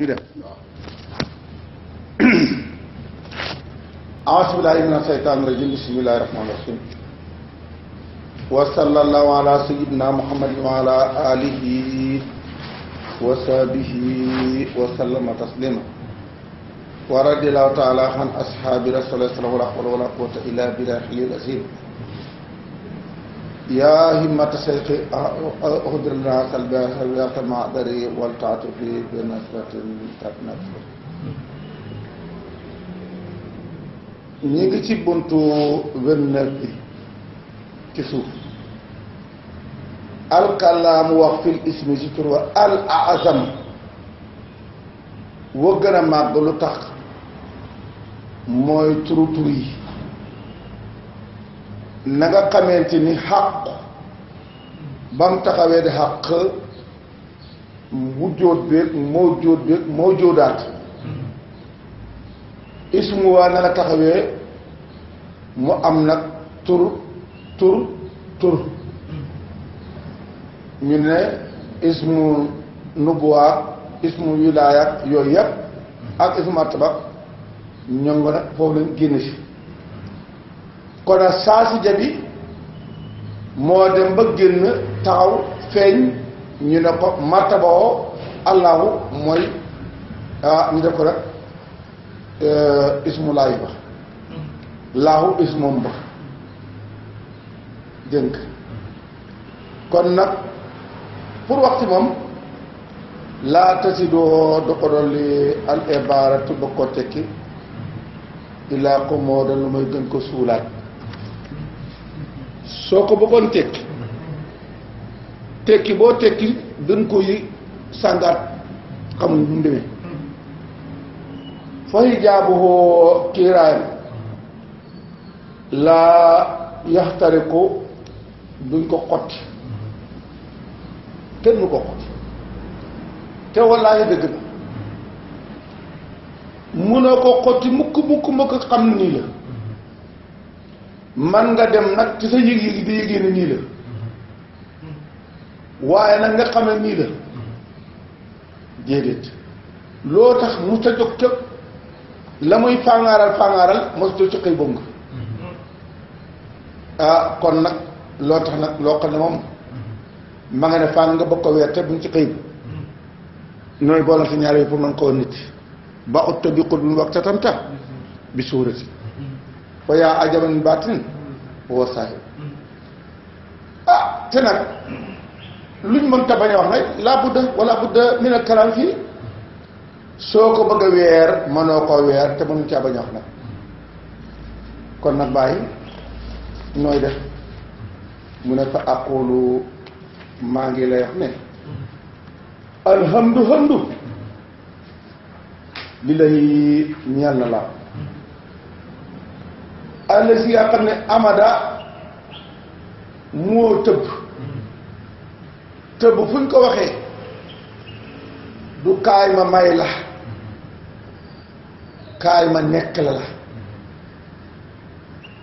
كده أعوذ بالله من الشيطان الرجيم بسم الله الرحمن الرحيم وصلى الله على سيدنا محمد وعلى آله وصحبه وسلم تسليما ورضي الله تعالى عن أصحاب رسول الله صلى الله عليه وسلم ولا قوة إلا بالله العظيم يا همة سيفي أهدر لنا قلب يا كما أدري والتعاطفي بنسبة تتنفس نيجي بنتو ونبي كسوف الكلام وقف الاسم جتر والأعظم وقنا ما قلو تخ موي تروتوي nanga xamante ni xàq bam taxawee di xàq wujjóot beeg moo jóot beeg moo jóodaat ismuwaa na nga taxawee mu am nag tur tur tur ñu ne ismu nubuwaat ismu wilaayaat yooyu yëpp ak ismu atbaq ñongo nag foofu lañ génn si kon a saasija bi moo dem ba génn taxaw feeñ ñu ne ko martabawoo allahu mooy ah ñu def ko rek ismu laayu ba laahu ismum ba dénk kon nag pour waxti moom laa tasidoo du ko dolli al ibaaratu du ko tekki illaa ko moo dal lu may gën ko suulaat soo ko bëggoon tekki tekki boo tekki dañ koy sàngaat xamuñ bu mu demee fa hijaabuhu kiiraayam laa duñ ko xotti kenn ko xotti te wallaahi dëgg na mënoo ko xotti mukk mukk mukk xam nii la man nga dem nag ci sa yëg-yëg di yëgee ne nii la waaye nag nga xam ne nii la déedéet loo tax mu ta jóg ca la muy fangaaral fangaaral mosut ci xëy bëgg ah kon nag loo tax nag loo xam ne moom ma nga ne fang nga bëgg weer te buñ ci xëy nooy boolante ñaar yi pour mën koo nit ba ut te bi xul mu wax te tam bi suurati wa yaa ajaban baatin woo saahib ah te nag luñ mënta bañ wax nag laa budda wala budda min al kalaam fii soo ko bëgg a weer mënoo koo weer te mënuñ caa wax nag kon nag bàyyi nooy def mu ne fa aqulu maa ngi lay wax ne alhamdu hamdu lillahi ñeel na laa àll si nga xam amada moo tëb tëb fu ko waxee du kaay ma may la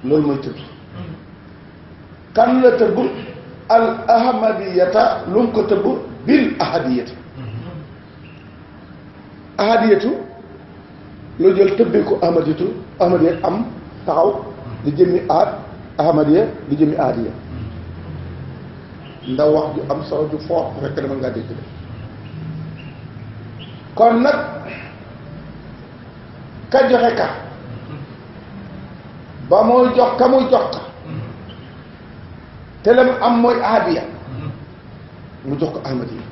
loolu mooy tëb kan la al ahmadiyata lu mu bil ahadiyata ahadiyatu loo jël tëbbee ko ahmadiyat am taxaw di jëmmi aad ahmadiya di jëmmi aadiya ndax wax ju am solo ju fort fekk na mën ngaa dégg kon nag ka joxe ka ba muy jox ka muy jox ka te la mu am mooy aadiya mu jox ko ahmadiya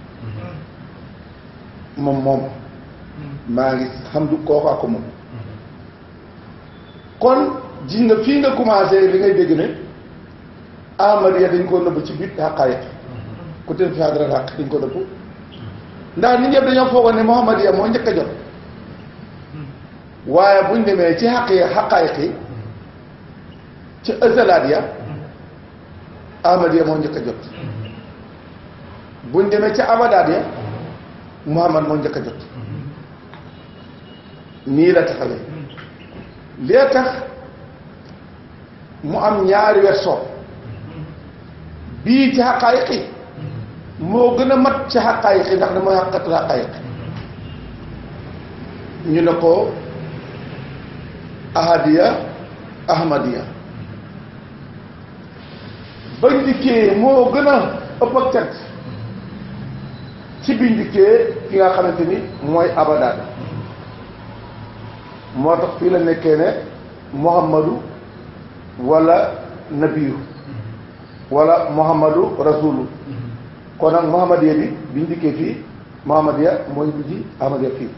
moom moom maa ngi xam du kookaa ko moom kon gis nga fii nga commencé li ngay dégg ne amariya dañ koo nëbb ci biir xaqaaya ku teel fi hadra xaq dañ ko nëbb ndax nit ñëpp dañoo foogoon ne muhammadiya moo njëkk jot mm-hmm. waaye buñ demee ci xaq ya xaqaayiq yi ci ësalaat ya mm-hmm. amariya moo njëkk jot mm-hmm. buñ demee ci abadaat ya muhammad moo njëkk a jot nii la taxawee lee tax mu am ñaari version bii ci xaqaayiqi moo gën a mat ci xaqaayiqi ndax dama xaqatu xaqaayiqi ñu ne ko ahadiya ahmadiya bañ dikkee moo gën a ëpp ak cat ci biñ dikkee ki nga xamante ni mooy abadaan moo tax fii la nekkee ne muhammadu wala nabiyu wala muhammadu rasulu kon nag muhammadiya bi biñ dikkee fii muhammadiya mooy mujj ahmadiya fii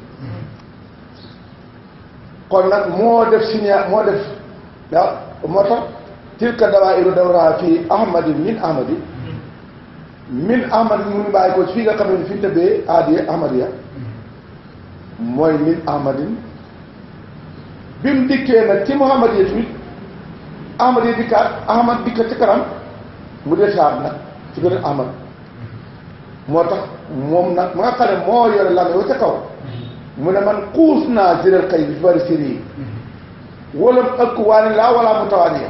kon nag moo def moo def tax tilka dawaa'iru dawraa fii ahmadi min ahmadi min ahmadi ko fii nga xam ne fi tëbbee aadiya ahmadiya mooy min ahmadin bi mu dikkee muhammadiya tamit ahmad yi dikkaat ahmad dikkaat ci kanam mu dee saar nag ci beneen ahmad moo tax moom nag ma nga xam ne moo yore lame wa ca kaw mu ne man xuus naa jëlal kay bi fi bari séri yi wala ëkk waani laa wala mu tawaani ya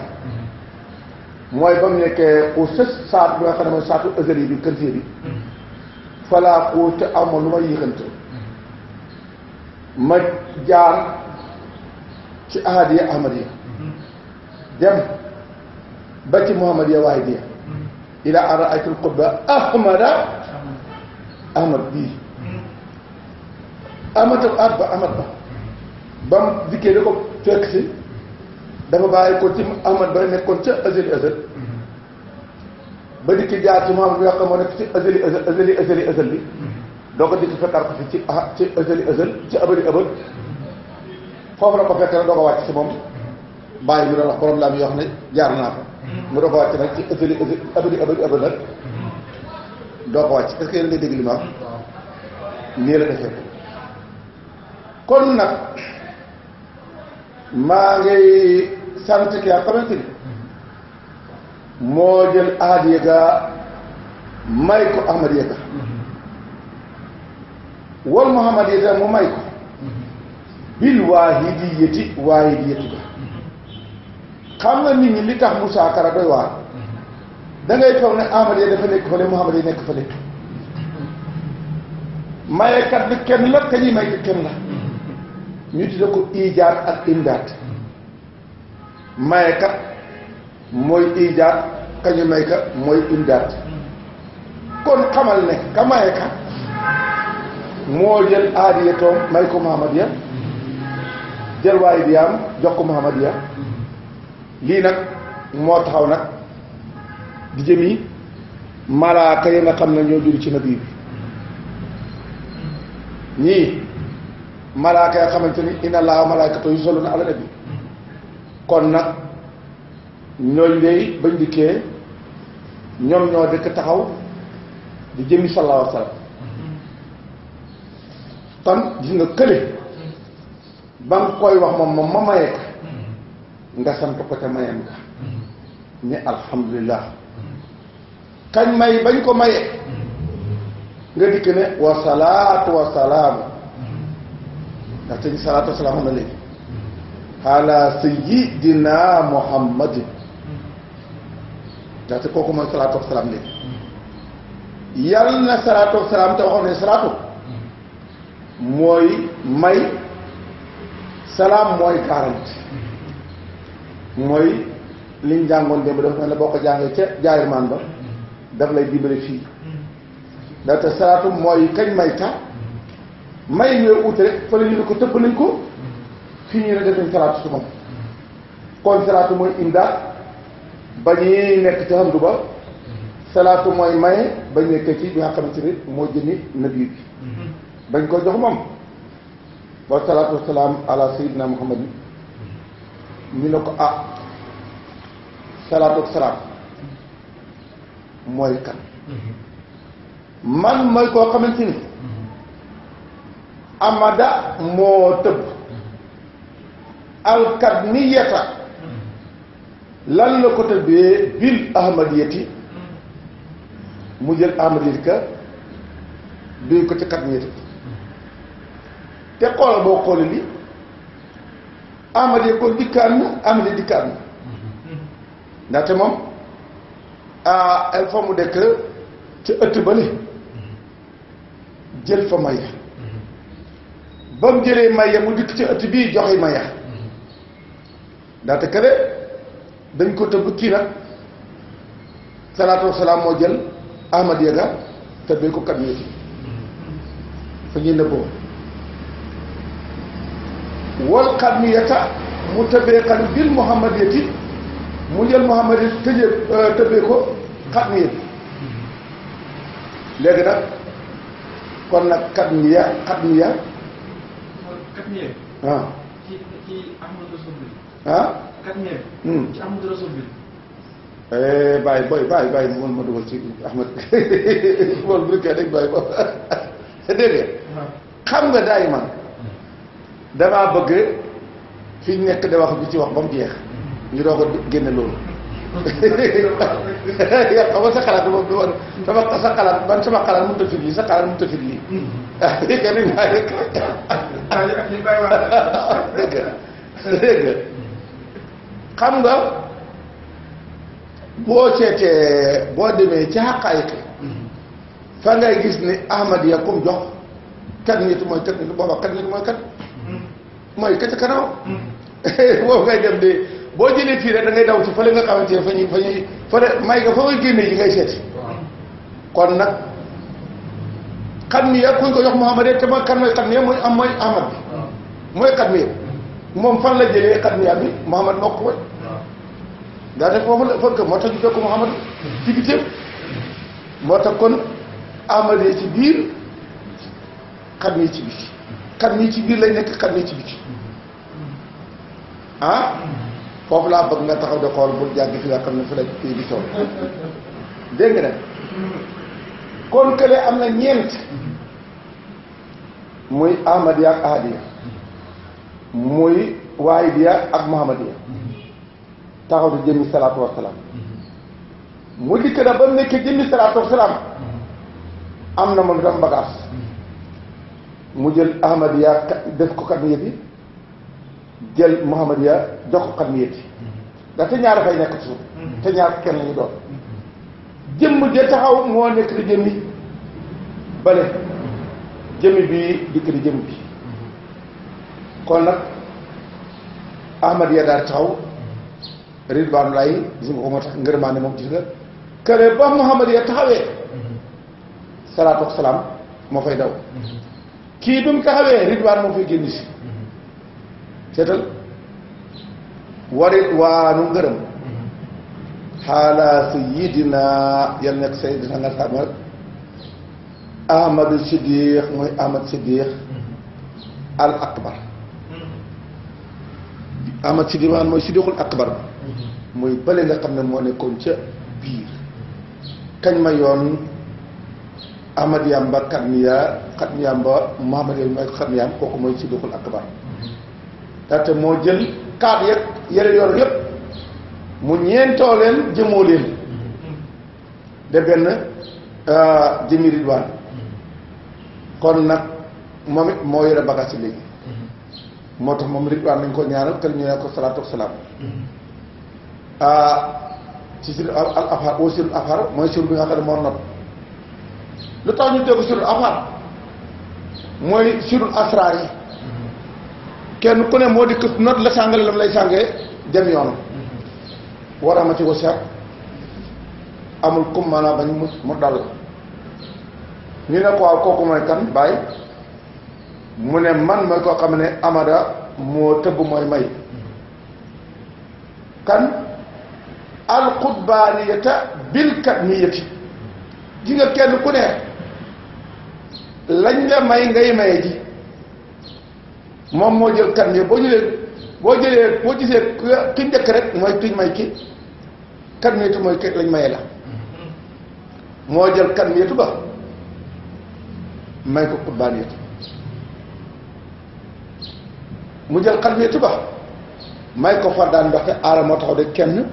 mooy ba mu nekkee xuus sa saat bi nga xam ne mooy saatu ëgër yi bi kër bi falaa xuus te awma lu ma yéexante ma jaar ci ahad yi ahmad yi dem ba ci Muhammad ya waay dee ila araatul qutba ahmada ahmad bii ahmad ab ba ahmad ba ba mu dikkee dafa bàyyi ko ci ahmad ba nekkoon ca azali azal ba dikki jaar ci bi nga xam moo nekk ci azali azal azali azali azal bi doo ko dikki fekkaat ko fi ci ah, ci azali azal ci abadi abad foofu la ko fekk bàyyi bi doon wax borom laa mi yoo xam ne jaar naa fa mu doo ko wàcc nag ci ëppali ëppali ëppali ëppali doo ko wàcc est-ce que ngay dégg li ma wax nii la kon nag maa ngay sant ki nga moo jël ahad may ko ahmad yëga wal muhammad yëga mu may ko mm-hmm. bil waahidiyati waahidiyati ga xam nga nit ñi li tax Moussa Kara doy waar mm-hmm. da ngay foog ne Amady ya dafa nekk fële Mouhamad yi nekk fële mm-hmm. mayekat bi kenn la ka ñuy may bi kenn la mm-hmm. ñu tudde ko ijaar ak imdaat mayekat mooy ijaar ka may ka mooy imdaat kon xamal ne ka mayekat moo jël aadiyatoom may ko Mouhamad jël waaye diyaam jox ko Mouhamad lii nag moo taxaw nag di jëmi malaaka yi nga xam ne ñoo jur ci nabi bi ñii malaaka ya xamante ni inna allaha malaikatu yusalluna ala nabi kon nag ñooñu dey bañ dikkee ñoom ñoo dëkk taxaw di jëmi sallallahu alayhi wa sallam nga kële ba nga koy wax moom ma mayee nga sant ko te mayam nga ni alhamdulilah kañ may bañ ko mayee nga dikk ne wa salaatu wa te ñu salaatu wa salaam na léegi ala sayyidina muhammadin ndax kooku mooy salaatu wa salaam léegi na salaatu wa salaam te ne salaatu mooy may salaam mooy garanti mooy liñ jàngoon démb dafa mel ne boo ko jàngee ca jaayirmaan ba daf lay dimbale fii ndaxte salaatu mooy kañ may ta may ñu ut rek fële ñu ne ko tëbb nañ ko fii ñu ne def nañ salaatu su moom kon salaatu mooy inda ba ñu nekk ci bi nga xamante ni moo jëmi nabi bi bañ mm-hmm. ko jox moom wa salaatu wa salaam ala ñu ne ko ah salaatu ak salaam mooy kan mm-hmm. man mooy koo xamante ni mm-hmm. amada moo tëb mm-hmm. alkadniyata lan la ko tëbbee bil ahmadiyati mu jël ahmadiyati ka duy ko ci kadniyati te xoolal boo xoolee li Amady kon dikkaat na Amady dikkaat na ndaxte moom ah il mu dekk ca ëtt ba ne jël fa maya ba mu jëlee maya mu dikk ca ëtt bii joxe maya ndaxte kare dañ ko tëbb kii nag salaatu wasalaam moo jël Amady ya ga tëbbee ko kat yi fa ñuy nëbboo wal xarmiyata mu tëbee xan bil muhammadiyati mu jël muhammadiyati tëjee euh, tëbee ko xarmiyati léegi nag kon nag xarmiya xarmiya xarmiya ah ci ci Ahmadu Rasul bi ah xarmiya hmm. ci Ahmadu Rasul bi eh, bàyyi booy bàyyi bàyyi moom ma dugal ci Ahmad loolu bu nekkee rek bàyyi boobu dégg nga xam nga daay man damaa bëgg fi ñu nekk da wax bi ci wax ba mu jeex ñu doo ko génne loolu yaa xamal sa xalaat moom du war sama sa xalaat man sama xalaat mënut a fit lii sa xalaat mënut a fit lii ah dégg nga dégg nga dégg nga xam nga boo seetee boo demee ci xaqaayik fa ngay gis ni Ahmad ya kum jox kat nit mooy kat nit booba kat nit mooy kat mooy ka ca kanam ngay dem de boo jëlee fii rek da ngay daw ci fële nga xamante ne fa ñuy fa ñuy fële may nga fa ngay génnee ji ngay seeti kon nag xam ni kuñ ko jox Muhammad te ma kan mooy xam ni mooy am mooy Ahmad bi mooy xam moom fan la jëlee xam bi Muhammad moo ko koy daanaka foofu la fëkk moo tax ñu fekk Muhammad ci moo tax kon Ahmad yi ci biir xam ni ci biir xar mi ci biir lay nekk xar mi ci biti ah foofu laa bëgg nga taxaw di xool bul jàgg fi nga xam ne fi la kii bi tool dégg nga kon kële am na ñeent muy ahmadiya ak ahadiya muy waayidiya ak muhammadiya taxaw di jëmmi salaatu wasalaam mu dikk na ba nekk jëmmi salaatu wasalaam am na moom itam bagaas mu jël ahmadiya def ko xatmiyat yi jël muhammadiya jox ko xatmiyat yi ndax te ñaar dafay nekk suuf te ñaar kenn lañu doon jëmm ja taxaw moo nekk di jëmm bi kon nag ahmadiya daal taxaw ridwaanu laay gis nga ko moo tax ngërmaane moom gis nga këre taxawee salaatu wa salaam moo fay daw kii bi mu taxawee ridwaan moo fay génn si seetal wa ridwaanu ngërëm xaala sayidina yal nekk sayidina nga xam rek ahmadu siddiq mooy ahmad siddiq al akbar ahmad siddiq maanaam mooy siddiqul akbar mooy bële nga xam ne moo nekkoon ca biir kañ ma yoon ahmad yamba karniya xat yaam ba Muhammad yooyu mooy xat yaam kooku mooy siddiqul akbar ndaxte moo jël kaat yëpp yor yëpp mu ñeentoo leen jëmoo leen de benn jëmi euh, ridwaan kon nag moom it moo yore bagaas yi léegi moo tax moom ridwaan nañ ko ñaanal kër ñu ne ko salaatu wa salaam euh, ci sur al afar au sur afar mooy sur bi nga xam moo not lu tax ñu tegu sur afar mooy sirul asraar yi kenn ku ne moo di këpp noot la sàngale lam lay sàngee dem yoonu war ama ci amul kum mu mu dal ñu ne ko waaw kooku mooy kan bàyyi mu ne man mooy koo xam ne amada moo tëbb mooy may kan alxutbaaniyata bilkat niyati ji nga kenn ku ne lañ la may ngay maye ji moom moo jël kan yi boo jëlee boo jëlee boo gisee ki njëkk rek mooy kiñ may ki kan yetu mooy ki lañ maye la moo jël kan yetu ba may ko kurbaan yetu mu jël kan yetu ba may ko fardaan ndaxte aara moo taxaw de kenn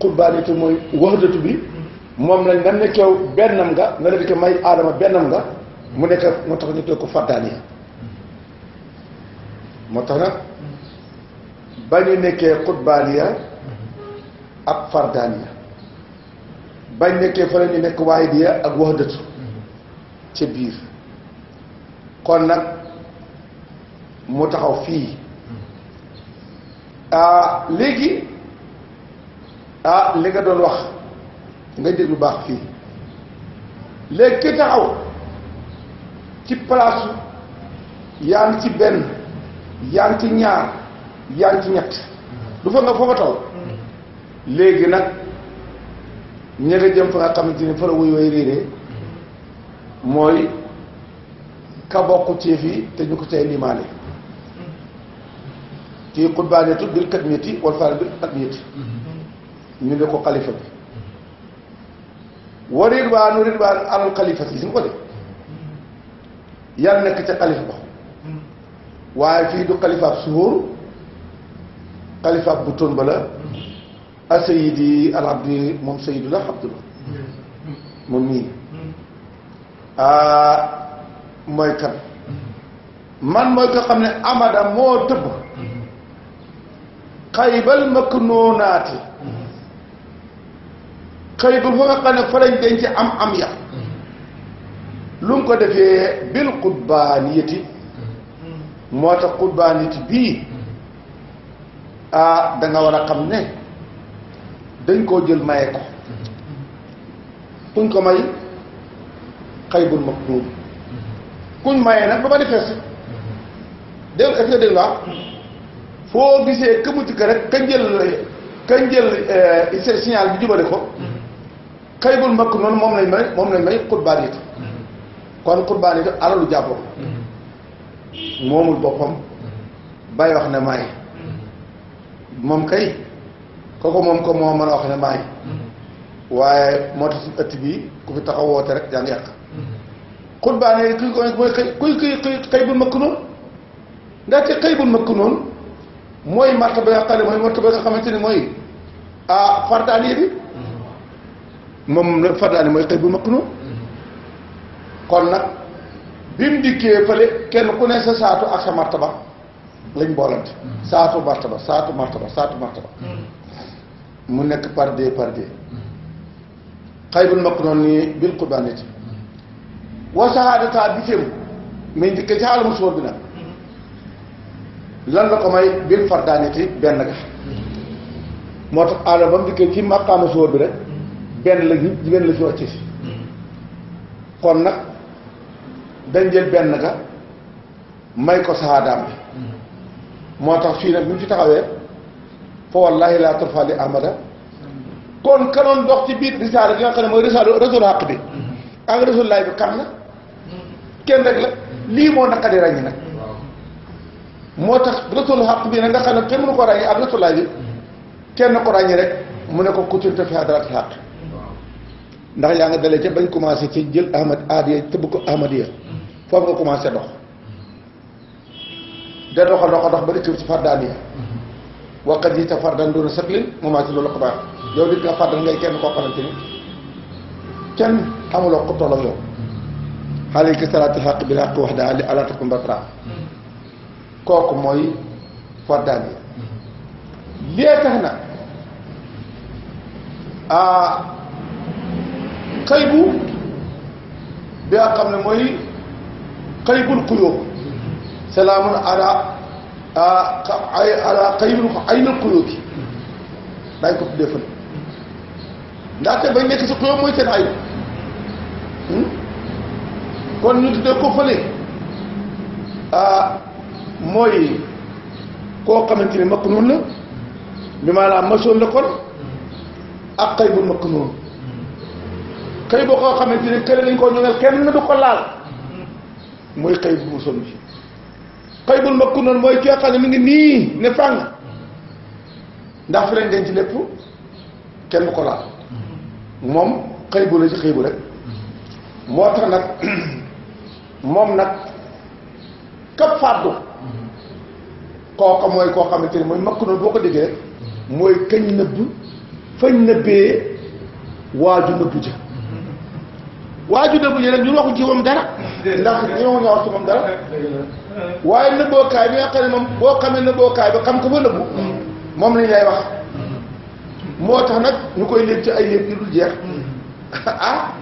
kurbaan yetu mooy waxdatu bi moom lañ nam ne kew bennam nga na la di may aadama bennam nga mu nekk moo tax ñu teg ko fardaaniya moo tax nag ba ñu nekkee xutbaaniya ak fardaaniya bañ nekkee fa la ñu nekk waahidiya ak wahdatu ca biir kon nag mu taxaw fii ah léegi ah li nga doon wax ngay déglu baax fii léegi ki taxaw ci place yaa ci benn yaa ci ñaar yaa ci ñett du fa nga foofa taw léegi nag ñete jëm fa nga xamante ni fa la wuy way réeree mooy ka bokk ceef yi te ñu ko tey limaale ci xutbaanetu bil kat miti wal faal bil at mm-hmm. ñu ne ko xalifa bi wa ridwaanu ridwaan alal xalifa si gis nga ko de yàlla nekk ca xalif ba waaye fii du xalifaab suhur xalifaab bu ton ba la a sayidi al abdi moom sayidu la abdullah mooy kan man mooy ko xam ne amada moo tëbb xaybal makk noonaati xëytul fa nga xam ne fa lañ denc am am ya lu mu ko defee bil qutbaaniyati moo tax qutbaaniyati bii ah da war a xam ne dañ koo jël maye ko kuñ ko may xaybul maktuum kuñ maye nag ba ma di fees dégg est-ce que dégg nga foo gisee këmuti ko rek ka njël ka euh, signal bi jubale ko kaybul mbëkk noonu moom lañ may moom lañ may qurbaan it kon qurbaan it alalu jàppoo moomul boppam bay wax ne maay moom kay ko moom ko moo mën a wax ne maay waaye moo tax suñu ku fi taxaw woote rek yaa ngi yàq qurbaan yi kuy koy kuy kuy kaybul mbëkk noonu ndaxte kaybul mbëkk noonu mooy martaba nga xam ne mooy martaba nga xamante ni mooy ah fardaaniye bi moom la fardaani mooy xëy bu maknun kon nag bi mu dikkee fële kenn ku ne sa saatu ak sa martaba lañ boolante saatu martaba saatu martaba saatu mu nekk par deux par deux xëy bu maknun nii bil qurbanati wa sahaadata bi téem mais njëkkee ci xaalamu suur bi nag lan la ko may bil fardaaniti benn ga moo tax aadama ba mu dikkee ci maqaama suur bi rek benn la benn la ci wàcc si kon nag dañ jël benn ga may ko saxaadaam bi moo tax fii nag bu ñu fi taxawee fa wallaahi laa turfa li ahmada kon kanoon dox ci biir risaala bi nga xam ne mooy risaala rasul xaq bi ak rasul laay bi kan la kenn rek la lii moo naqadi ràññi nag moo tax rasul xaq bi nag nga xam ne kenn mënu ko ràññi ak rasul laay bi kenn ko ràññi rek mu ne ko kutunte fi hadratil xaq ndax yaa nga dalee ca bañ commencé ci jël ahmad aadiya tëbb ko ahmadiya foofu nga commencé dox da doxa doxa dox ba dëkk ci fardaaniya wa qad jita fardan duna saklin ci loolu ko yow nit nga fardan ngay kenn koo xamante ni kenn amuloo ko toloo yow xaalika salaati xaq bi xaq wax daa ala takum batra ya. tax na ah xëy bu bi nga xam ne mooy xëybul xuyóob salaamun ala ay ala xëybul aynul xuyóob bi daañu ko tuddee fan ndaxte bañ nekk si xuyóob mooy seen ay hmm? kon ñu tuddee ko fële mooy koo xamante ni makk noonu la bi maanaam masoon la kon ak xëybul makk noonu xëy boo ko xamante ne kële dañ koo ñoŋal kenn du ko laal mooy xëy bu musoon bi xëy bul mbokku noonu mooy ki xam ne mi ngi nii ne fàng ndax fi lañ denc lépp kenn du ko laal moom xëy bu la ci xëy bu rek moo tax nag moom nag kap fàddu kooka mooy koo xamante ne mooy makku noonu boo ko déggee mooy kañ nëbb fañ nëbbee waaju nëbbu jë waaju dëbb ji rek ñun waxuñ ci moom dara ndax ñëwuñu wax ci moom dara waaye nëbbookaay bi xam ne boo xamee xam ko ba nëbbu moom lañ lay wax moo tax nag ñu koy léeg ci ay léeg dul jeex ah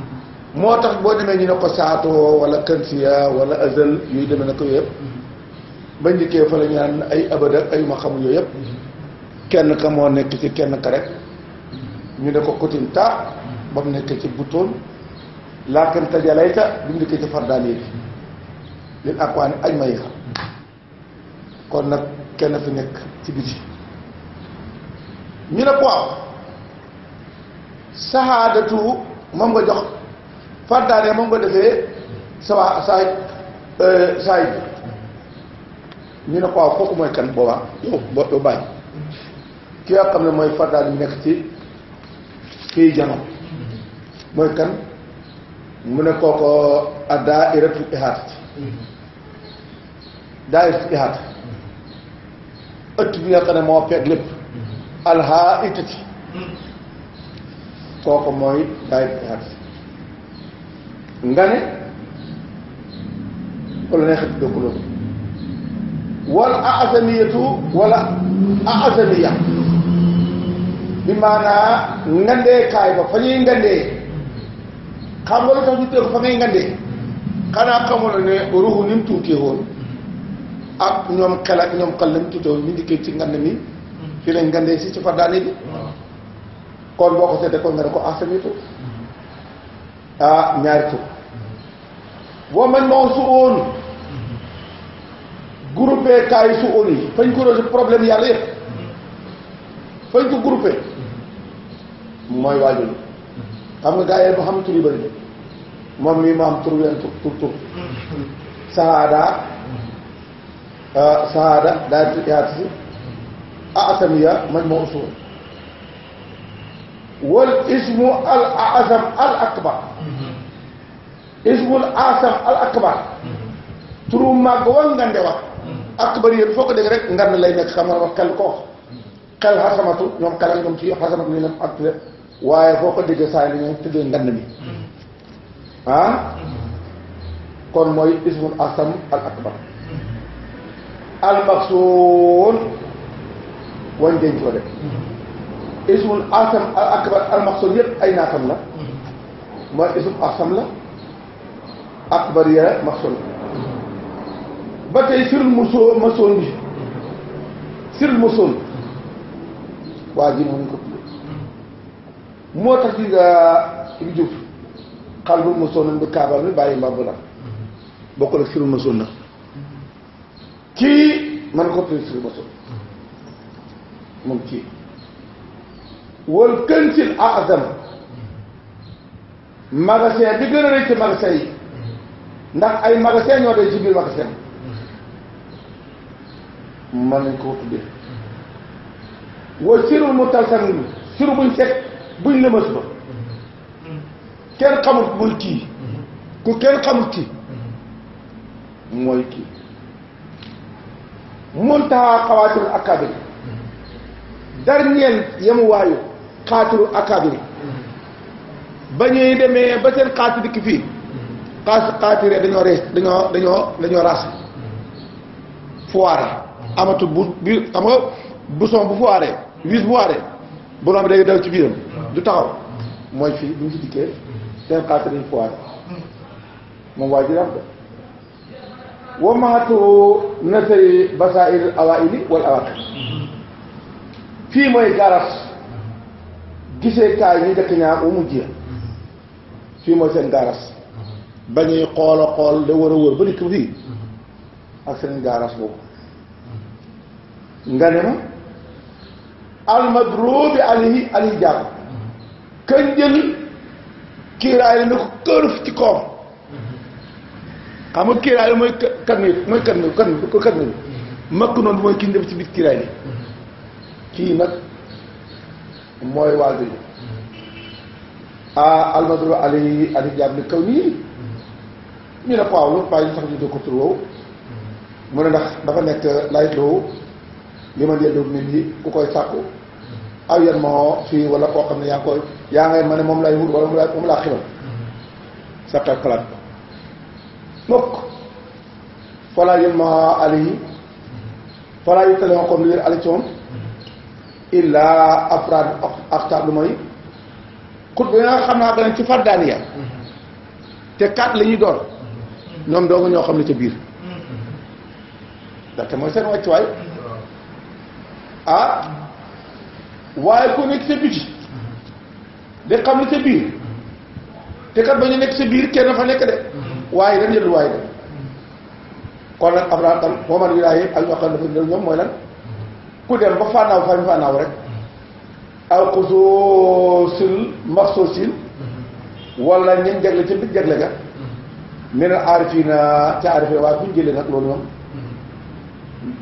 moo tax boo demee ñu ne ko saato wala kansiya wala azal yuy deme na ko yooyu yëpp bañ dikkee fa la ñu naan ay abada ay ma xamul yooyu yëpp kenn ka moo nekk ci kenn ka rek ñu ne ko xutinta ba mu nekk ci butoon laakin tajalayta bindikati fardaani bi lil akwaani aj ma yéexa kon nag kenn fi nekk ci biti ñu ne ko waaw saxaadatu moom nga jox fardaane moom nga defee sawa saay euh, ñu ne ko waaw kooku mooy kan boobaa yow boo ki nga xam ne mooy fardaane bi nekk ci kii jano mooy kan mu ne kooko ak daa iratu ihaat daa iratu ihaat ëtt bi nga xam moo feeg lépp alhaa itati kooko mooy daa iratu ihaat nga ne wala ne xet dëkk loolu wal aasamiyatu wala aasamiya bi maanaa ngandeekaay ba fa ñuy ngandee xam nga lu tax ñu teel fa ngay ngandee xanaa xamuloo ne ruuxu ni mu tuutee ak ñoom xel ak ñoom xel lañ tuutee woon ñu ci ngand mi fii lañ ngandee si ci faddaane bi kon boo ko seetee kon nga ne ko asamitu ah ñaari tur boo man moom su oon groupé su oon yi fañ ko rose problème yàlla yëpp fañ ko groupé mooy waajur xam nga gars yi mu xam tur yu moom mii ma am tur leen tur tur tur saada ah, saada daal di yaatu si ah, asamiya man wal ismu al asam al akbar ismul asam al wax akbar yëpp foo ko dégg rek ngand lay nekk xam nga wax kal koo xel xasamatu ñoom kalal ci xasamatu ñu ne ak lépp waaye foo ko déggee saa yi dañoo tuddee ngand mi ah kon mooy ismul asam al akbar al maksuun wañ denc ko asam al akbar al maksuun yëpp ay naatam la mooy ismul asam la akbar ya maksuun ba tey sirul muso masoon bi sirul musoon waa ji moom ko moo tax gis nga Ibou Diouf xal bu mosoon nañ ba kaabal mi bàyyi mbab la bokkul ak sirul mosoon na kii man ko prise sirul mosoon moom kii wal këncil azam magasin bi gën a rëy ci magasin yi ndax ay magasin ñoo dee ci biir magasin man nañ ko tuddee wa sirul mu talsan siru buñ fekk buñ la mës ba kenn xamul mooy kii ku kenn xamul kii mooy kii muntaha xawaatul akabiri dernier yemuwaayu xaatiru akabiri ba ñuy demee ba seen xaati dikk fii xaas dañoo rees dañoo dañoo dañoo raas foire amatul bu bi xam nga bouchon bu foiree vis bu foiree borom bi day daw ci biiram du taxaw mooy fii bu ñu fi dikkee seen xaalis dañu ko moom waa ji def de wa maatu nasari basair awaili wal awaqib fii mooy garas gisee kaay ñu dëkk ñaar wu mujjee fii mooy seen garas bañuy xool a xool da war a wër ba dikk fii ak seen garas boobu nga ne ma almadrubi alayhi alayhi ka jël kiiraay la na ko këluf ci koom xam nga kiiraay la mooy kat mi mooy kat mi kat mi kat makk noonu mooy kii def ci biir kiiraay li kii nag mooy waajur yi ah almadro ali ali jaab li kaw nii ñu ne ko waaw lu bàyyi ndax dafa nekk layit loowu li man yellu nit ñi ku koy sàkku aw yan mo fi wala ko xamne ya ko ya ngay mané mom lay wul wala mu laa moom la xibal sa ta xalaat ko fala falaa yan maa ali fala yu tale ko li ali ci illa afrad akta lu moy kut bi nga xamna dañ ci fardaniya te kat lañu ñuy ñom do dooga ñoo xam ne ca biir ndaxte mooy seen way ah waaye ku nekk sa de xam ne sa biir te kat ba ñu nekk sa biir kenn fa nekk de waaye dañ jënd waaye de kon nag am naa tam moomal wilaaya ak ñoo xam ñoom mooy lan ku dem ba fànnaaw fa fànnaaw rek aw xusuusil maxsuusin wala ñeñ jagle ci biir jagle ga ne na aarifina ca aarifina waaye fu ñu jëlee nag loolu moom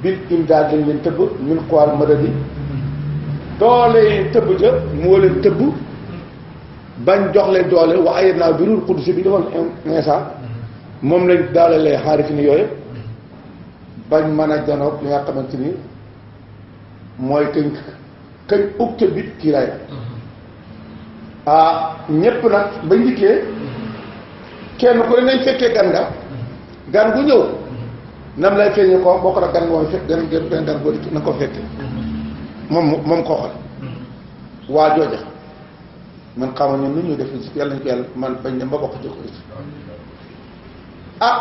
bil im min xuwaar madadi doole tëbb ja moo leen tëbb bañ jox leen doole wa ayet naa bi ruur xuddusi bi defoon instant moom lañ daalalee xaarif ni yooyu bañ mën a janoog li nga xamante ni mooy këñ këñ ukte bi kii lay ah ñépp nag ba ndikkee kenn ku ne nañ fekkee gan nga gan gu ñëw nam lay feeñu ko bokk na gan woon fekk gan gan boo na ko fekkee moom moom koo xool mm-hmm. waa jooja man xaw ma ñuy def yàlla nañ ko yàlla man bañ dem ba bokk ci ko ah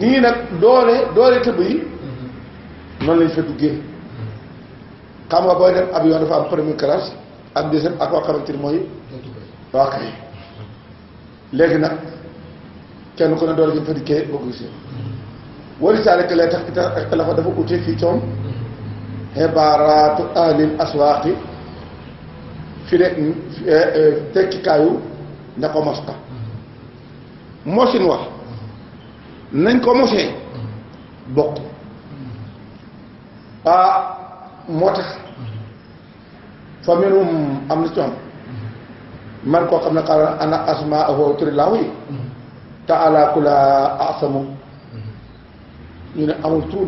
nii nag doole doole tëb yi mm-hmm. noonu lañ fa duggee mm-hmm. xam nga booy dem avion dafa am première classe ak deuxième ak waa xamante ni mooy léegi nag kenn ku ne doole jëm fa dikkee bokk gisee wari saa rek la fa dafa utee fii coom xibaaraatu ahlil aswaaqi fi de eh, eh, tekkikaayu nda ko mos ka wax nañ ko mosee bokk ah moo fa minum am na ci man koo xam ne xaaral ana asmaa ahu turi laahu yi taala kula asamu ñu ne amul tur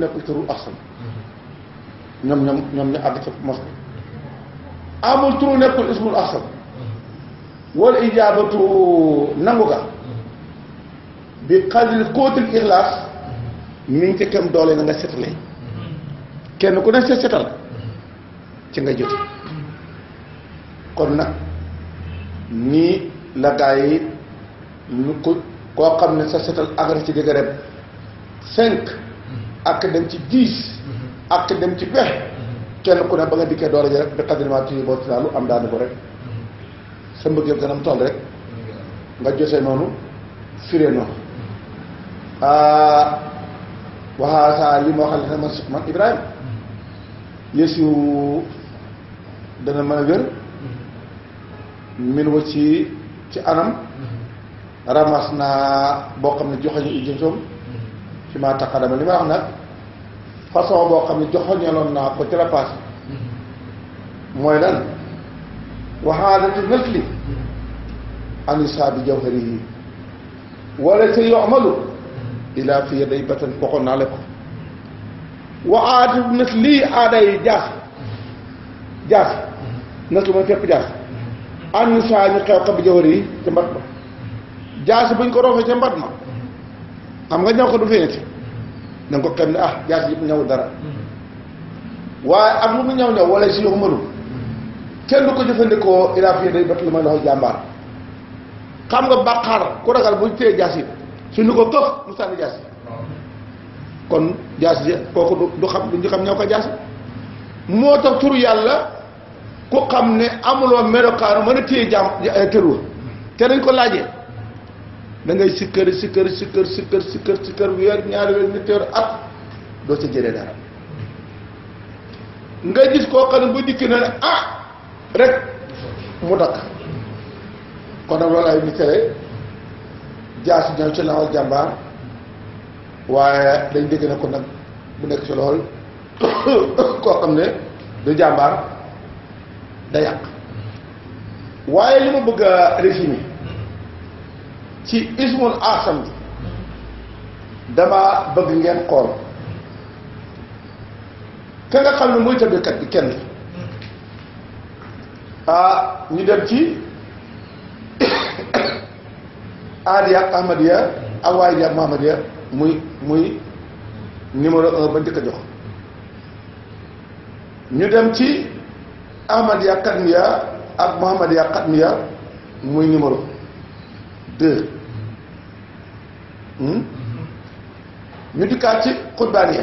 ñoom ñoom ñoom ñu àgg ca mos amul turu nekkul ismul ahsan wala ijaabatu nangu ga bi xalil kóotil ixlaas mi ngi ci kam doole na nga setalee kenn ku ne sa setal ci nga jot kon nag nii la gaa yi lu ko koo xam ne sa setal agara ci dëgërëm cinq ak dem ci dix ak dem ci pexe mm-hmm. kenn ku ne ba nga dikkee door rek bi xadiriment ci boo tinaa lu am daanu ko rek mm-hmm. sa mbëggeel kanam toll rek mm-hmm. nga jose noonu firee ah, li ma waxal ne man man Ibrahima yéesiw dana mën a wér min wa ci ci anam ramas naa boo xam ne joxañu ijjënsoom ci maa taqadama li ma wax nag façon boo xam ne joxoñaloon naa ko ci la paase mooy lan waxaadati nasli anisa bi jawhari yi wala sa yoxmalu ilaa fi yaday batan waxoon naa la ko waxaadati nas lii aada yi jaas jaas nas lu mooy fépp jaas anisa ñu xew xa bi jawhari yi ca mbat ma jaas buñ ko roofee ca mbat ma xam nga ñoo ko du feeñati da nga ko xem ne ah jaas yëpp ñëw dara waaye ak lu mu ñaw ñëw wala si yow mënul kenn du ko jëfandikoo ilaa fii day bat lu may loxo jàmbaar xam nga bàqaar ku ragal bu téye jaas yi suñu ko këf mu sànni jaas yi kon jaas yi kooku du xam du ñu xam ñëw ko jaas moo tax tur yàlla ku xam ne amuloo melokaanu mën a téye jaam eh, tërwa te nañ ko laajee da ngay sikkër sikkër sikkër sikkër sikkër sikkër weer ñaar weer ni teur at ah, do ci jere dara nga gis ko xal bu dikki na ah rek mu dak ko nag wala ay ni jaasu jaas ci lawal jambar waye dañ degg na ko nak bu nek ci lol ko xamne du jambar da yak waye limu bëgg a ci ismul asam bi damaa bëgg ngeen xool ka nga xam ne muy tëddkat bi kenn ñu dem ci aadiya ak ahmadiya ak waay ak mahamadiya muy muy numéro ba njëkk jox ñu dem ci ahmadiya xatmiya ak mahamadiya xatmiya muy numéro Hmm? ñu dikkaat ci xutbaaniya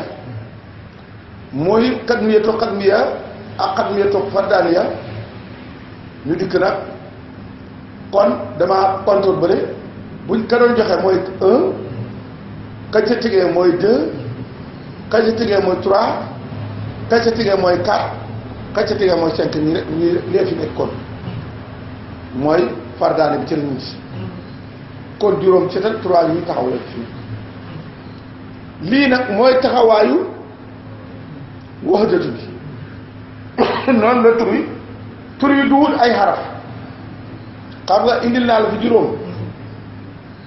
mooy xadmiyatu xadmiya ak xadmiyatu fardaaniya ñu dikk nag kon dama contrôle bële buñ ka doon joxe mooy un ka ca tegee mooy deux ka ca tegee mooy trois ka ca tegee mooy quatre ka ca tegee mooy cinq ñi ñi lee fi mooy fardaani bi ci lañu ci kon juróom seetal trois yuy taxaw lañ fii lii nag mooy taxawaayu waxdatu bi noonu la tur yi tur yi ay xaraf xam nga indil naa la fi juróom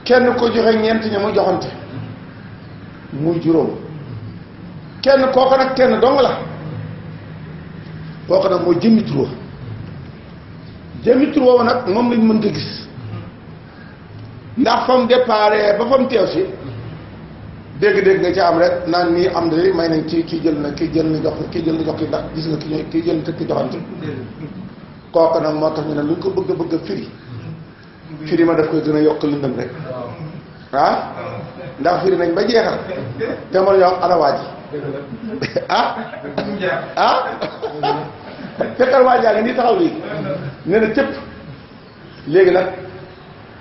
kenn ko joxe ñeent ña mu joxante kenn kooka nag kenn dong la kooka nag mooy jëmmi turoo jëmmi turoo nag moom lañ mën gis ndax fa mu départ ba fa mu teew si dégg-dégg nga ci am rek naan nii am na li may nañ ci ci jël na ci jël na jox kii jël na jox kii ndax gis nga ki kii jël na tëkk joxante kooku nag moo tax ñu ne lu ñu ko bëgg a bëgg a firi firi ma def koy gën a yokk lëndëm rek ah ndax firi nañ ba jeexal jamono yoo xam ana waa ji ah, ah? fekkal waa jaa ngi nii taxaw lii ne na cëpp léegi nag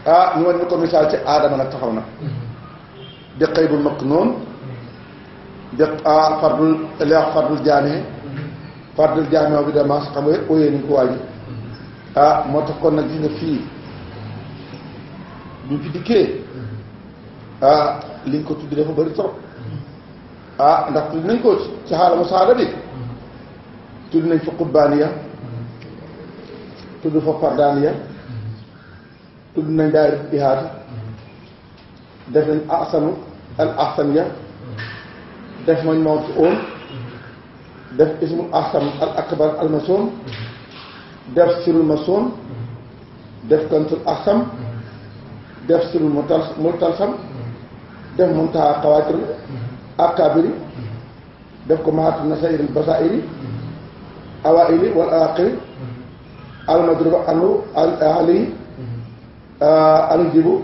ah ñu wan ñu ko misaal ci aadama nag taxaw na mm-hmm. di xëy bul makk noonu di ah fardul li wax fardul jaanee mm-hmm. fardul jaanee bi dama xam nga ooyee ni ko wàññi mm-hmm. ah kon nag gis nga fi dikkee ah li nga ko tudd dafa bëri trop ah ndax tudd nañ ko ci xaalamu saada bi tudd nañ fa qurbaaniya tudd fa fardaaniya tudd nañ daal di xaar def ahsan ya def nañ mawtu def ismul ahsan al akbar al masoon def sirul masoon def kantul ahsam def sirul multalsam def muntaha xawaatir akabiri def ko mahat nasairi basairi awaili wal awaqiri al madruba anu al ali anujibu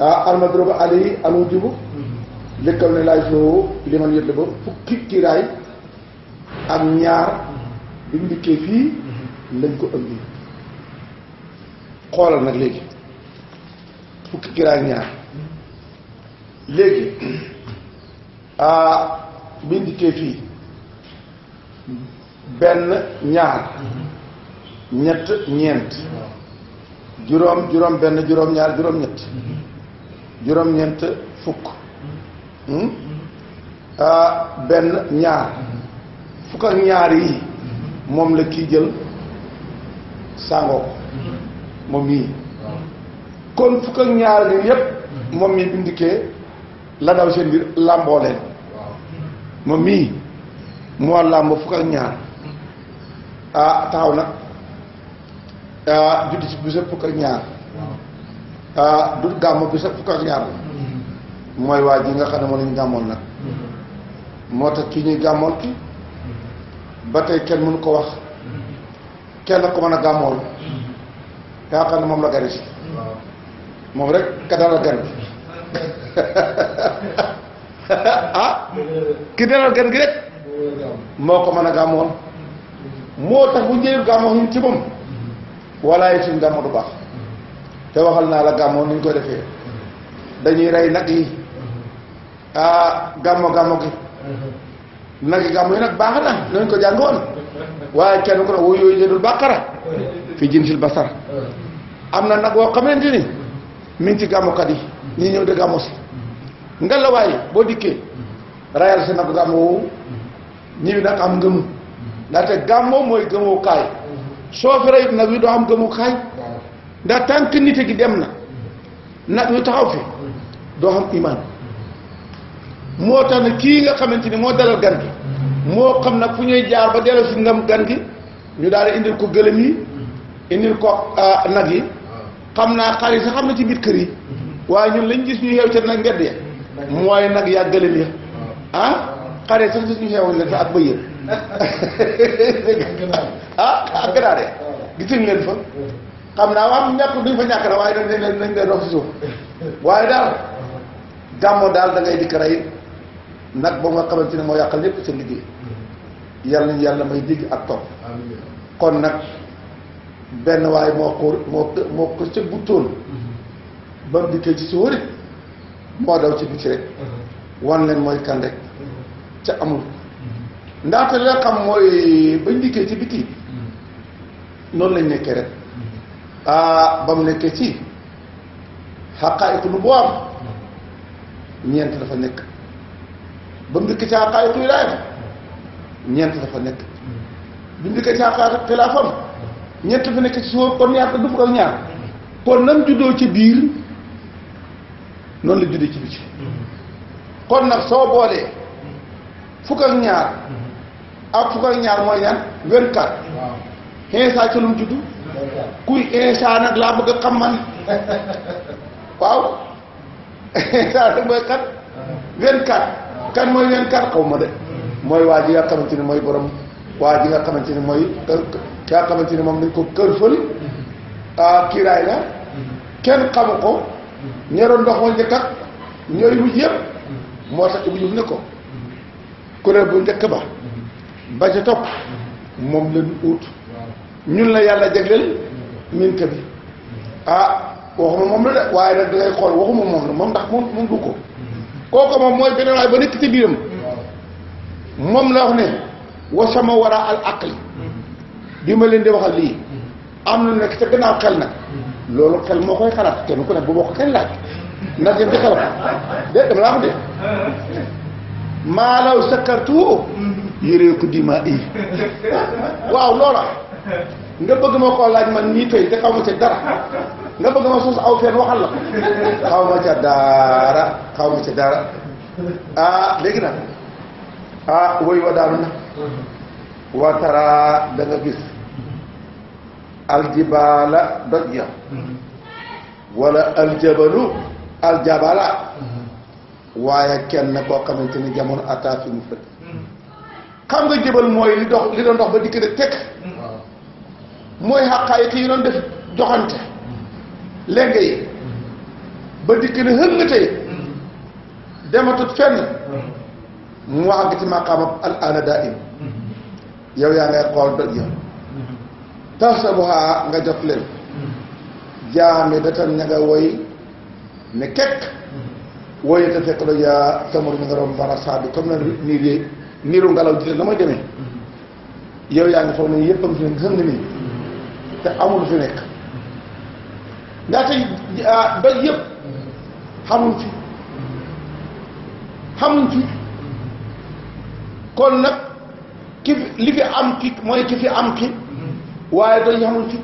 ah, almadrubu ah, alayhi anujibu mhm. lëkkal ne laay soowu li man ba fukki kiiraay ak ñaar mhm. bi mu fii mhm. lañ ko ëmbi xoolal nag léegi fukki kiiraay ak ñaar léegi ah, bi mu fii benn ñaar ñett ñeent juróom juróom benn juróom ñaar juróom ñett juróom ñeent fukk hmm? ah, benn ñaar fukk ak ñaar yi moom la kii jël sàngoo ko moom mii kon fukk ak ñaar yi yépp moom mii bi ndikkee la daw seen biir làmboo leen moom mii moo làmb fukk ak ñaar ah taxaw nag juddi ah, si bisa fukk ak ñaar ah, du gàmm bisa fukk ak ñaar la mooy waa ji nga xam ne moom lañu gàmmoon nag moo tax kii ñuy gàmmoon ki ba tey kenn mënu ko wax kenn ko mën a gàmmoon yaa xam ne moom la gari si moom rek ah, ka dalal gan bi gi rek moo ko mën a gàmmoon moo tax bu njëriñ gàmmoon ci moom walaayitum gàmmu du baax te waxal naa la gàmmoo ni koy ko defee dañuy rey nag yi mm-hmm. ah gàmmo gàmmo mm-hmm. nag yi gàmmo yi nag baax na nañ ko jàngoon waaye kenn ku ne wuyu yooyu jëndul bàqara mm-hmm. fi jinsil basar am na nag boo xam ne mi ngi ci gàmmukat yi ñi ñëw di gàmmu si ngelawaay boo dikkee rayal si nag gàmmu woowu ñi nag am ngëm ndaxte gàmmoo mooy gëmoo soo fi nag wi doo am gëmu xaay ndax tànk nite gi dem na nag wi taxaw fi doo xam imaan moo tax ne kii nga xamante ni moo dalal gan gi moo xam nag fu ñuy jaar ba dellu si ngam gan gi ñu daal di indil ko gëlëm yi indil ko ah, nag yi xam naa xar yi sax xam na ci biir kër yi waaye ñun lañ gis ñu xew ca nag mbedd ya mooy nag yaa gëlëm ya ah, xar yi sax gis ñu xewoon ak bëy ah ak ganaar leen fa xam naa waam ñàkk duñ fa ñàkk la waaye dañ leen dañ leen dox si suuf waaye daal gàmmoo daal da ngay dikk rey nag boobu nga xamante ne moo yàqal ñëpp seen liggéey yàlla nañu yàlla may digg ak topp kon nag benn waaye moo ko moo ko ca guttoon ba mu dikkee ci si wërit moo daw ci biti rek uh-huh. wan leen mooy kan uh-huh. ca amul ndaxte la xam mooy bañ dikkee ci biti noonu lañ nekkee rek mm-hmm. ah ba mu nekkee ci xaqaayiku lu boo am ñeent dafa nekk ba mu dikkee ci xaqaayiku wilaayam ñeent dafa nekk mm-hmm. bi mu dikkee ci xaqaayiku xilaafam mm-hmm. ñeent bi nekk ci kon ñaar du fukk ak juddoo ci biir noonu la juddoo ci biti kon nag soo boolee fukk ak ñaar ak fukk ñaar mooy yan vingt quatre insa ca lu mu juddu kuy insa nag laa bëgg a xam man waaw insa nag mooy kat kan mooy vingt quatre xaw ma de mooy waa ji nga xamante ni mooy boroom waa ji nga xamante ni mooy ki xamante ni moom dañ ko kër fël mm-hmm. ah, kiiraay la mm-hmm. kenn xamu ko mm-hmm. ñeroon ndox ma njëkk ak ñooy wuj yëpp moo tax ibu jub ne ko kuréel bu njëkk ba ba ca topp moom la ut ñun la yàlla jagleel min ka ah waxuma moom la de waaye nag da ngay xool waxuma moom la moom ndax moom moom du ko kooku moom mooy beneen waay ba nekk ci moom la wax ne wa sama war bi ma leen di waxal lii am lu nekk ca gannaaw xel nag loolu xel moo koy xalaat kenn ku nekk bu ko kenn laaj ndax jëm ci xelam de dama laa wax de maalaw sakartu yëreeku diima i waaw loola nga bëgg ma koo laaj man nii tey te xaw ma ca dara nga bëgg ma suus aw fenn waxal la ko xaw ma ca dara xaw ma ca ah léegi nag ah woy wa daanu na wa tara da gis aljibaala doj ya wala aljabalu aljabala mm-hmm. waaye kenn koo xamante ni jamono ataa fi mu fët xam nga jëbal mooy li dox li doon dox ba dikk de tekk mooy xàqaay ki yi doon def joxante léegi ba dikk ne hëng tey dematut fenn mu wax nga ci maqaamam al aana daa im yow yaa ngay xool nga jot leen jaami datan ña nga woy ne kekk woyee te fekk doj yaa samur mi nga doon bara saadu comme na niir yi niiru ngelaw ji te na muy demee yow yaa ngi foog ne yëpp a ngi fi nekk te amul fi nekk ñaata ah, doj yëpp xamuñ fi xamuñ fi kon nag ki li fi am ki mooy ki fi am ki waaye doj xamuñ fi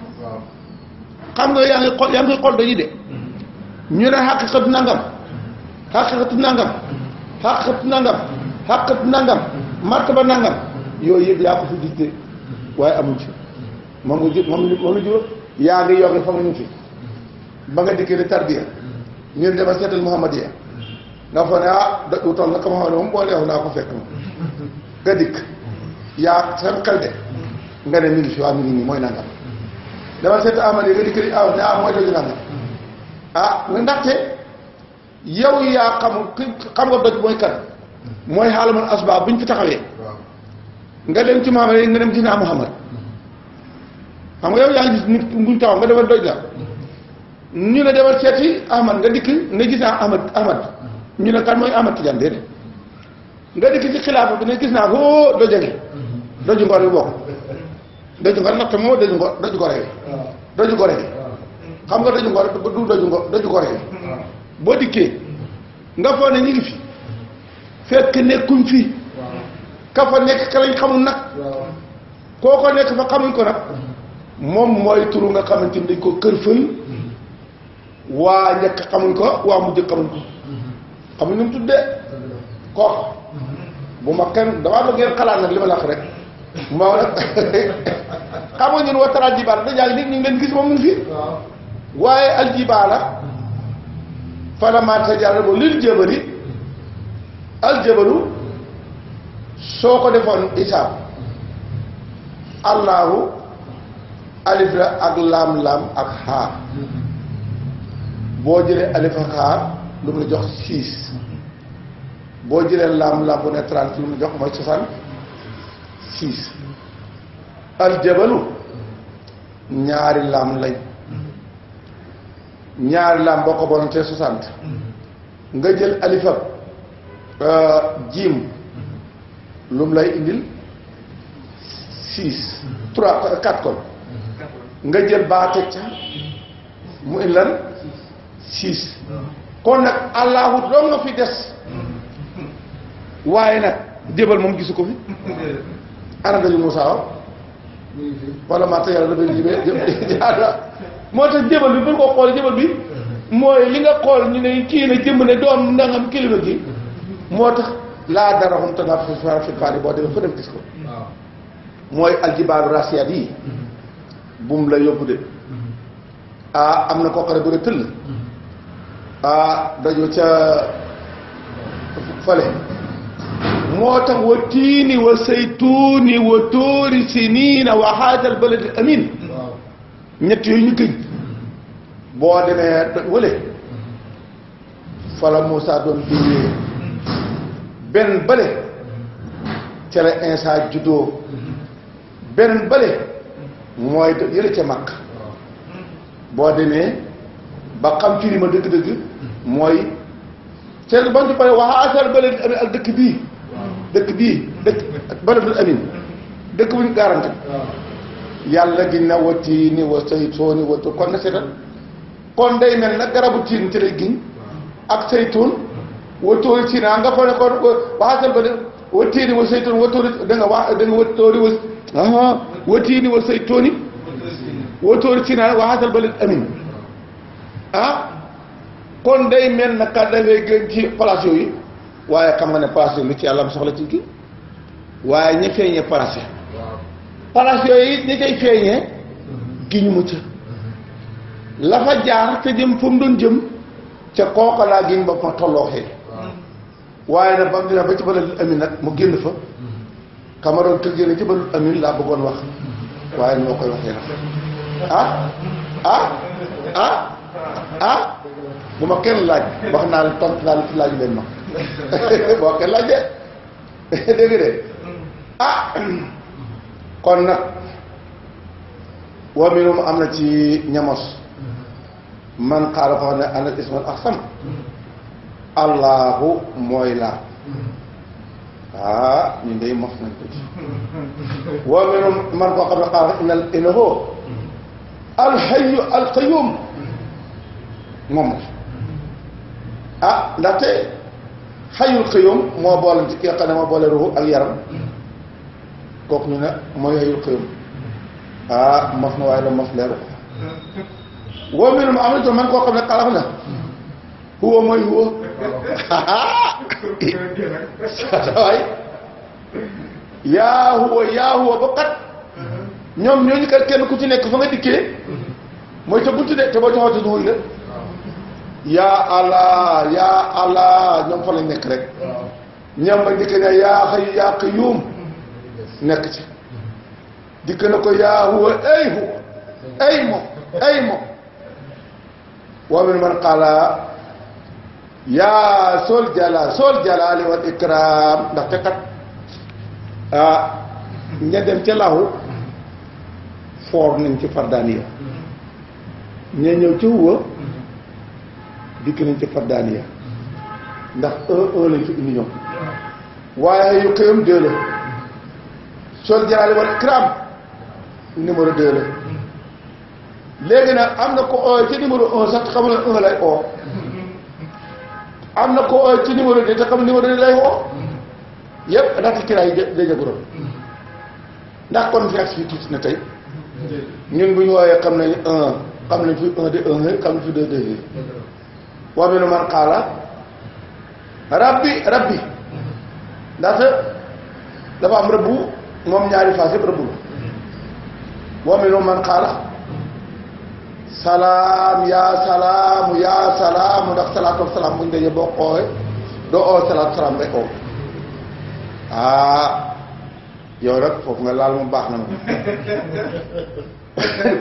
xam nga yaa ngi xool yaa ngi xool dañuy de ñu ne xaqiqatu nangam xaqiqatu nangam xaqiqatu nangam. xàq nangam martaba nangam yooyu yëpp yaa ko fi gis waaye amuñ ci moom nga jur moom moom la juróom yaa ngi yokk fa nga fi ba nga dikkee di tarbiya ñu ne dama seetal muhammadiya nga fa ne ah du toll nag ma xam ne moom boole yow naa ko fekk nga dikk yaa sam xel de nga ne mi ngi fi waa mi mooy nangam dama seet amal yi nga dikk di aw ah, ne ah mooy doj nangam ah yow yaa xamul ki xam nga doj mooy kan mooy xaalamul asbaab bu ñu fi taxawee nga dem ci Muhammad nga dem xam nga yow yaa ngi gis nit nguñ taxaw nga demal doj la ñu ne demal seeti Ahmad nga dikk ne gis naa Ahmad Ahmad ñu ne kan mooy Ahmad Tidiane déedéet nga dikk ci xilaafa bi ne gis naa ko doja ngi doju ngor bi bokk doju ngor natt moo doju ngor doju gore bi doju gore bi xam nga du doju ngor ah. boo dikkee nga foog ne ñu ngi fi fekk nekkuñ fi ka fa nekk ka lañ nag koo ko nekk fa xamuñ ko nag moom mooy turu nga xamante ni dañ ko kër fël waa njëkk xamuñ ko waa mujj xamuñ ko xamuñ nu mu tuddee koox bu ma kenn damaa bëgg ngeen xalaat nag li ma la wax rek moo nag xam nga dañ yaa ngi ñu ngi gis moom mu fi waaye aljibaala fanamaan sa jaar ba lil jébari aljabalu soo ko defoon isaab allahu alif la ak lam lam ak xaar boo jëlee alif ak xaar lu mu la jox six boo jëlee laam laam bu ne trente lu mu la jox mooy soixante six aljabalu ñaari laam lañ ñaari laam boo ko bonoon te soixante nga jël alifab jim lum lay indil 6 3 4 kon nga jël ba ca mu indil 6 kon nak allah do nga fi dess waye nak debal mom gisuko fi ana dañu musa wax wala ma ta yalla da ben jara jaara motax debal bi bu ko xol debal bi moy li nga xol ñu ne ki na jëm ne doom ndangam kilima gi moo tax laa dara xum tanaafara fil baari boo demee fa def gis ko mooy aljibaalu rasiyaat yi mm-hmm. la yóbbu de mm-hmm. ah am na koo xam bu ne tëll mm-hmm. ah ca fale moo tax wa tiini wa saytuuni wa tóori siniina wa haadal baladi amin ñett yooyu ñu gëj boo demee wële fala Moussa doon diwee benn bële ca la Insa juddoo benn bële mooy yële ca Makka boo demee ba xam firi ma dëkk dëgg mooy seen bantu pare wax asar bële ak dëkk bii dëkk bii dëkk baladul amin dëkk bu ñu garanti yàlla gi na wa tiini wa saytooni wa kon na seetal kon day mel na garabu tiin ci lay giñ ak saytoon wattore sino ha gappana kono ko wasal mbaɗe wattini wo sey toon wattore daga wa daga wattore wo aha wattini amin ah, kon day men na kaddafe gen ci place yooyu waaye xam nga ne place yooyu lu ci yàlla am soxla ci kii waaye ña feeñee place place yooyu ñi koy feeñee gi ñu mucc la fa jaar te jëm fu mu jëm ca kooka laa ñu ba tollooxee waaye nag ba mu demee ba ci amin nag mu génn fa Cameroun te génn ci amin laa bëggoon wax waaye moo koy waxee nag ah, ah, ah, kenn laaj wax naa la tontu naa la laaj leen ma boo kenn laaj de dégg de kon nag wa minhum am na ci ñamos man xaaral fa xam ne ana isman ak sam allahu mooy la hmm. ah ñu day mos nañ ko ci wa minhum man ko xam ne qaala inna innahu alxayu alqayum hmm. moom ah ndaxte xayul qayum moo boole ci ki nga xam ne moo boole ruuxu ak yaram hmm. kooku ñu ne mooy xayul qayum ah mos na waaye la mos leeru ko wa minhum am na man koo xam ne qaala na huwa mooy huwa sawaay yaa huwa yaa huwa ba kat ñoom ñooñu kat kenn ku ci nekk fa nga dikkee mooy ca buntu de te boo ca xoote duwuy la yaa allah yaa allah ñoom fa lañ nekk rek ñam ba njëkk ne yaa yaa qayuum nekk ci dikk na ko yaa huwa ay huwa ay moom ay moom wa min man qaala yaa sol jala sol jalaali wal ikraam ndaxte kat ah ña dem ca laxu foor nañ ci fardaaniya ña ñëw ci huwa dikk nañ ci fardaaniya ndax un un lañ fi indi waaye yu xëyam deux sol jalaali wal ikraam numéro deux la léegi nag am na ko oo ci numéro un sax xamul ne lay oo am na ko euh, ci numéro di te xam numéro di lay woo yëpp ndaxte kiraay yi day jagoroon ndax confiance fi tiit na tey ñun bu ñu woowee xam nañu xam nañ fi un de un xam nañ fi deux deux wa man qaala rabbi rabbi ndaxte dafa am rëbbu moom ñaari phase yëpp rëbbu la wa minhum man qaala salaam yaa salaam yaa salaam ndax salaatu wa salaam buñ daje boo doo oo salaam rek oo ah yow rek foofu nga laal moom baax na moom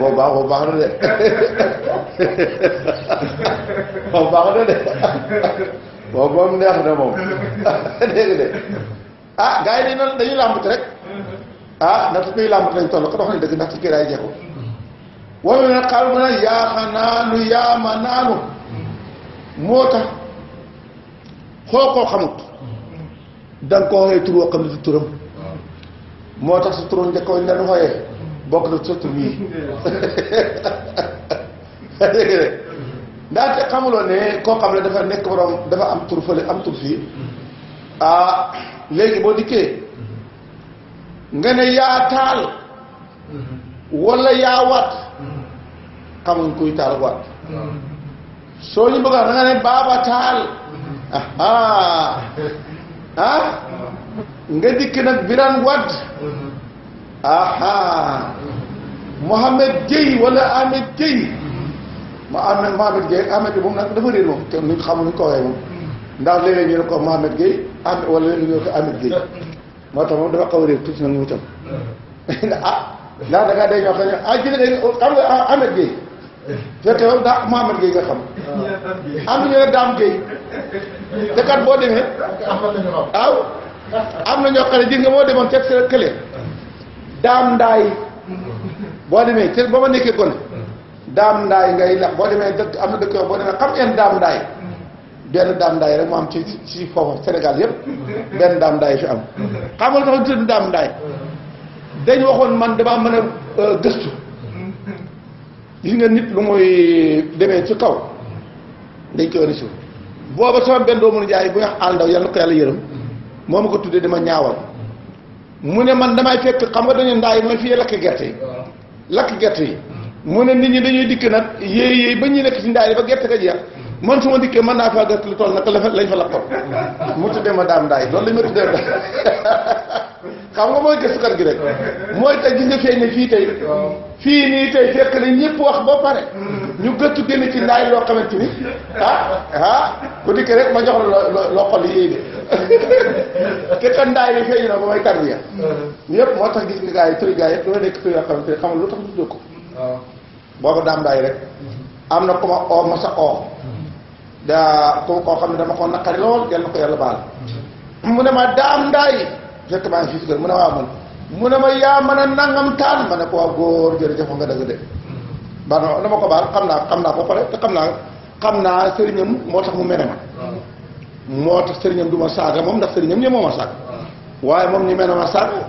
boobu baax boobu baax na de boobu baax na de moom neex na moom dégg de ah gars yi dañu dañuy làmbati rek ah ndax su koy làmbati lañ ko dox ne dëgg ndax kii daay jeexu waroon xaaral ma ne yaa xanaanu yaa ma moo tax xoo koo xamut danga ko xooyee tur woo xam ne du turam moo tax sa turam njëkk wañ leen xooyee xamuloo ne koo xam ne dafa nekk borom dafa am tur fële am tur fii ah léegi boo dikkee nga ne yaa taal wala yaa wat xamuñ kuy taal waat hmm. soo ñu bëgg a ne baaba taal ah nga dikk nag Birane Wade aha Mohamed Gueye Ahmed Gueye ma Ahmed Ahmed bi nag ko waxee moom ndax léeg-léeg ñu ne ko Mohamed Gueye Ahmed wala léeg-léeg ñu ne ko Ahmed Gueye moo tax moom dafa xaw a réer nag mu itam ah, ndax da ngaa day ñoo ah, ah, Ahmed Gueye fekk yow daa Mouhamed Gueye nga xam. am nañu ne boo demee. waaw am na ñoo xam ne gis nga boo demoon fekk sa kële. Dame Ndaay. boo demee te ba ma nekkee gone. Dame Ndaay ngay la boo demee dëkk am na dëkk yoo boo demee xam ngeen Dame Ndaay. benn Dame Ndaay rek mu am ci ci foofu Sénégal yëpp benn Dame Ndaay fi am. xam nga lu tax Ndaay. dañ waxoon man damaa mën a euh, gëstu. gis nga nit lu muy demee ci kaw dañ koy réussir booba sama benn mun jaay bu ñu wax àll ndaw yàlla na ko yàlla yërëm moo ma ko tuddee dama ñaawal mu ne man damay fekk xam nga dañu ndaay mooy fii lakk gerte yi lakk gerte yi mu ne nit ñi dañuy dikk nag yéey yéey ba ñuy nekk ci ndaay ba gerte ga jeex man su ma dikkee man naa faa def lu toll naka lañ fa lakkoon mu tuddee ma daam ndaay loolu lañ ma tuddee xam nga mooy gëstukat gi rek mooy tey gi nga fii tey fii nii tey fekk na ñëpp wax ba pare ñu gëttu génn ci loo xamante ni ah ah bu dikkee rek ma jox la loo xol yi yéene te kan ndaay yi feeñ na ba may tarbiya yëpp moo tax gis nga gars yi turi gars yëpp doo nekk turi yoo xamante ni xamal lu tax ñu dugg ko boobu daam ndaay rek am na ku ma oo ma sa oo daa ko koo xam ne dama ko naqari lool yal na ko yàlla baal mu ne ma daam ndaay fekk maa ngi fii si kër mu ne waa man mu ne ma yaa mën a nangam ma ne ko waa góor jërëjëf nga dëgg de ba na ma ko baal xam naa xam naa ko pare te xam naa xam naa sëriñam moo tax mu mene ma moo tax sëriñam du ma saaga moom ndax sëriñam ñi moo ma saaga waaye moom ñu mene ma saaga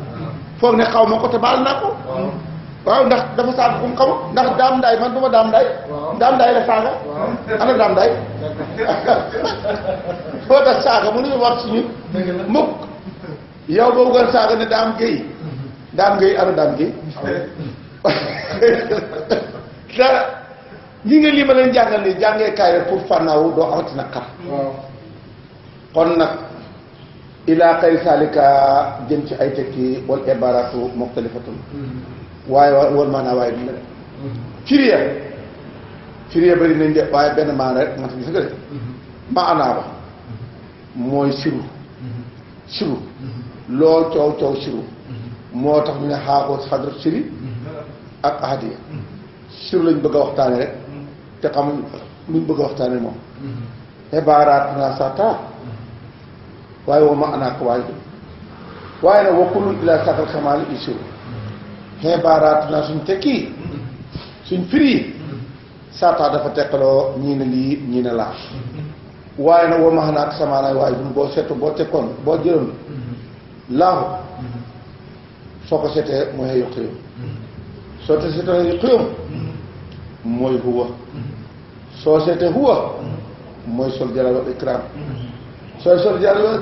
foog ne xaw ma ko te baal naa ko waaw ndax dafa saaga fu mu xamul ndax daam ndaay man du ma daam ndaay daam ndaay la saaga ana daam ndaay wax suñu mukk yow boo bëggoon saaga ne daam géy daam géy ana daam géy dara ñi nga lii ma leen jàngal ni jàngee pour fànnaawu doo amati nag xam kon nag ilaa saalika jëm ci ay tekki wal ibaratu muxtalifatun hmm. waaye wal maanaa waaye duñ la mm-hmm. def firiya firiya bëri nañ de waaye benn maana rek man gis nga de mm-hmm. maanaa ba mm-hmm. mooy siru siru loo coow coow siru moo tax ñu ne xaaxoo xadra siri ak ahadiya siru lañ bëgg a waxtaane rek te xamuñ luñ bëgg a waxtaane moom xibaaraat naa sa waaye woo maanaa ko waaye du waaye nag wakkulu ilaa sàkkal xamaali i siru xeebaaraat naa suñ tekki suñ firi sartaa dafa teqaloo ñii ne lii ñii ne waaye na woo ma xanaa ak samaanaay waaye bu boo seetu boo tekkoon boo jëloon laahu soo ko seetee mooy soo seetee yokk mooy sol jalal wal ikram sooy sol jalal wal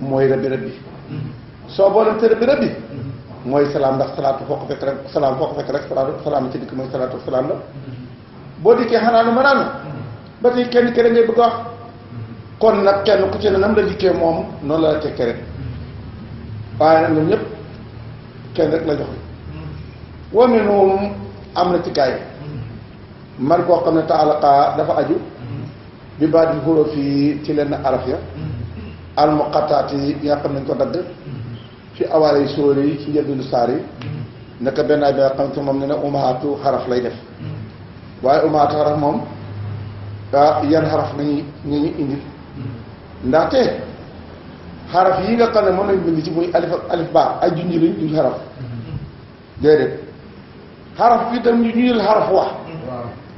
mooy rabbi rabbi soo booleem te rabbi rabbi mooy salaam ndax salaatu foo ko fekk rek salaam foo ko fekk rek salaatu salaam ci dikk mooy salaatu salaam la boo dikkee xanaa nu mënaanu ba kenn kere ngay bëgg kon nag kenn ku ci ne la dikkee moom noonu la la ca kere waaye nag ñun na ci gaay yi man koo xam ne taalaqa dafa aju bi baat yi xuroo fii ci lenn araf ya al muqattaati yi ko dagg ci awaare yi suróore yi ci njëlbéenu saar yi naka benn ay bi nga xam moom na umaatu xaraf lay waaye umaatu xaraf moom ah yan xaraf nañu nañu indi ndaxte xaraf yi nga xam ne moom lañ bind ci muy alif alif ba ay junj lañ duñ xaraf déedéet xaraf bi tam ñu junjal xaraf wax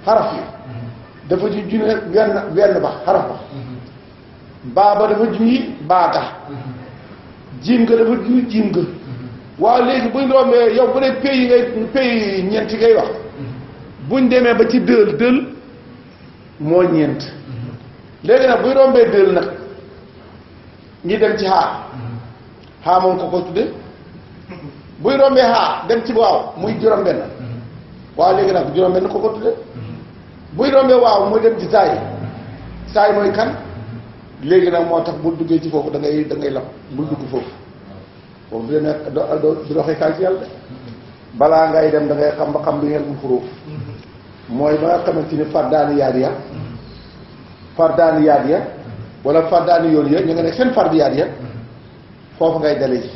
xaraf yi dafa ci junj benn ba xaraf ba mm-hmm. baa dafa junj baa tax jiim nga dafa jur jiim nga mm-hmm. waaw léegi buñ rombee yow bu dee pays yi ngay pays ñeent yi ngay wax mm-hmm. buñ demee ba ci dël dël moo ñeent mm-hmm. léegi nag buy rombee dël nag ñi dem ci xaar xaar moom ko ko tudde buy rombee xaar dem ci waaw muy juróom-benn waaw léegi nag juróom-benn ko ko tudde buy rombee waaw muy dem ci saay saay mooy kan léegi nag moo tax bu duggee ci foofu da ngay da ngay lam bu dugg foofu foofu do do du doxee kaay ci yàlla de balaa ngay dem da ngay xam ba xam lu ngeen mu xuróof mooy ba nga xamante ni fardaani yaad ya fardaani yaad ya wala fardaani yoon ya ñu nga ne seen fardi yaad ya foofa ngay dale ci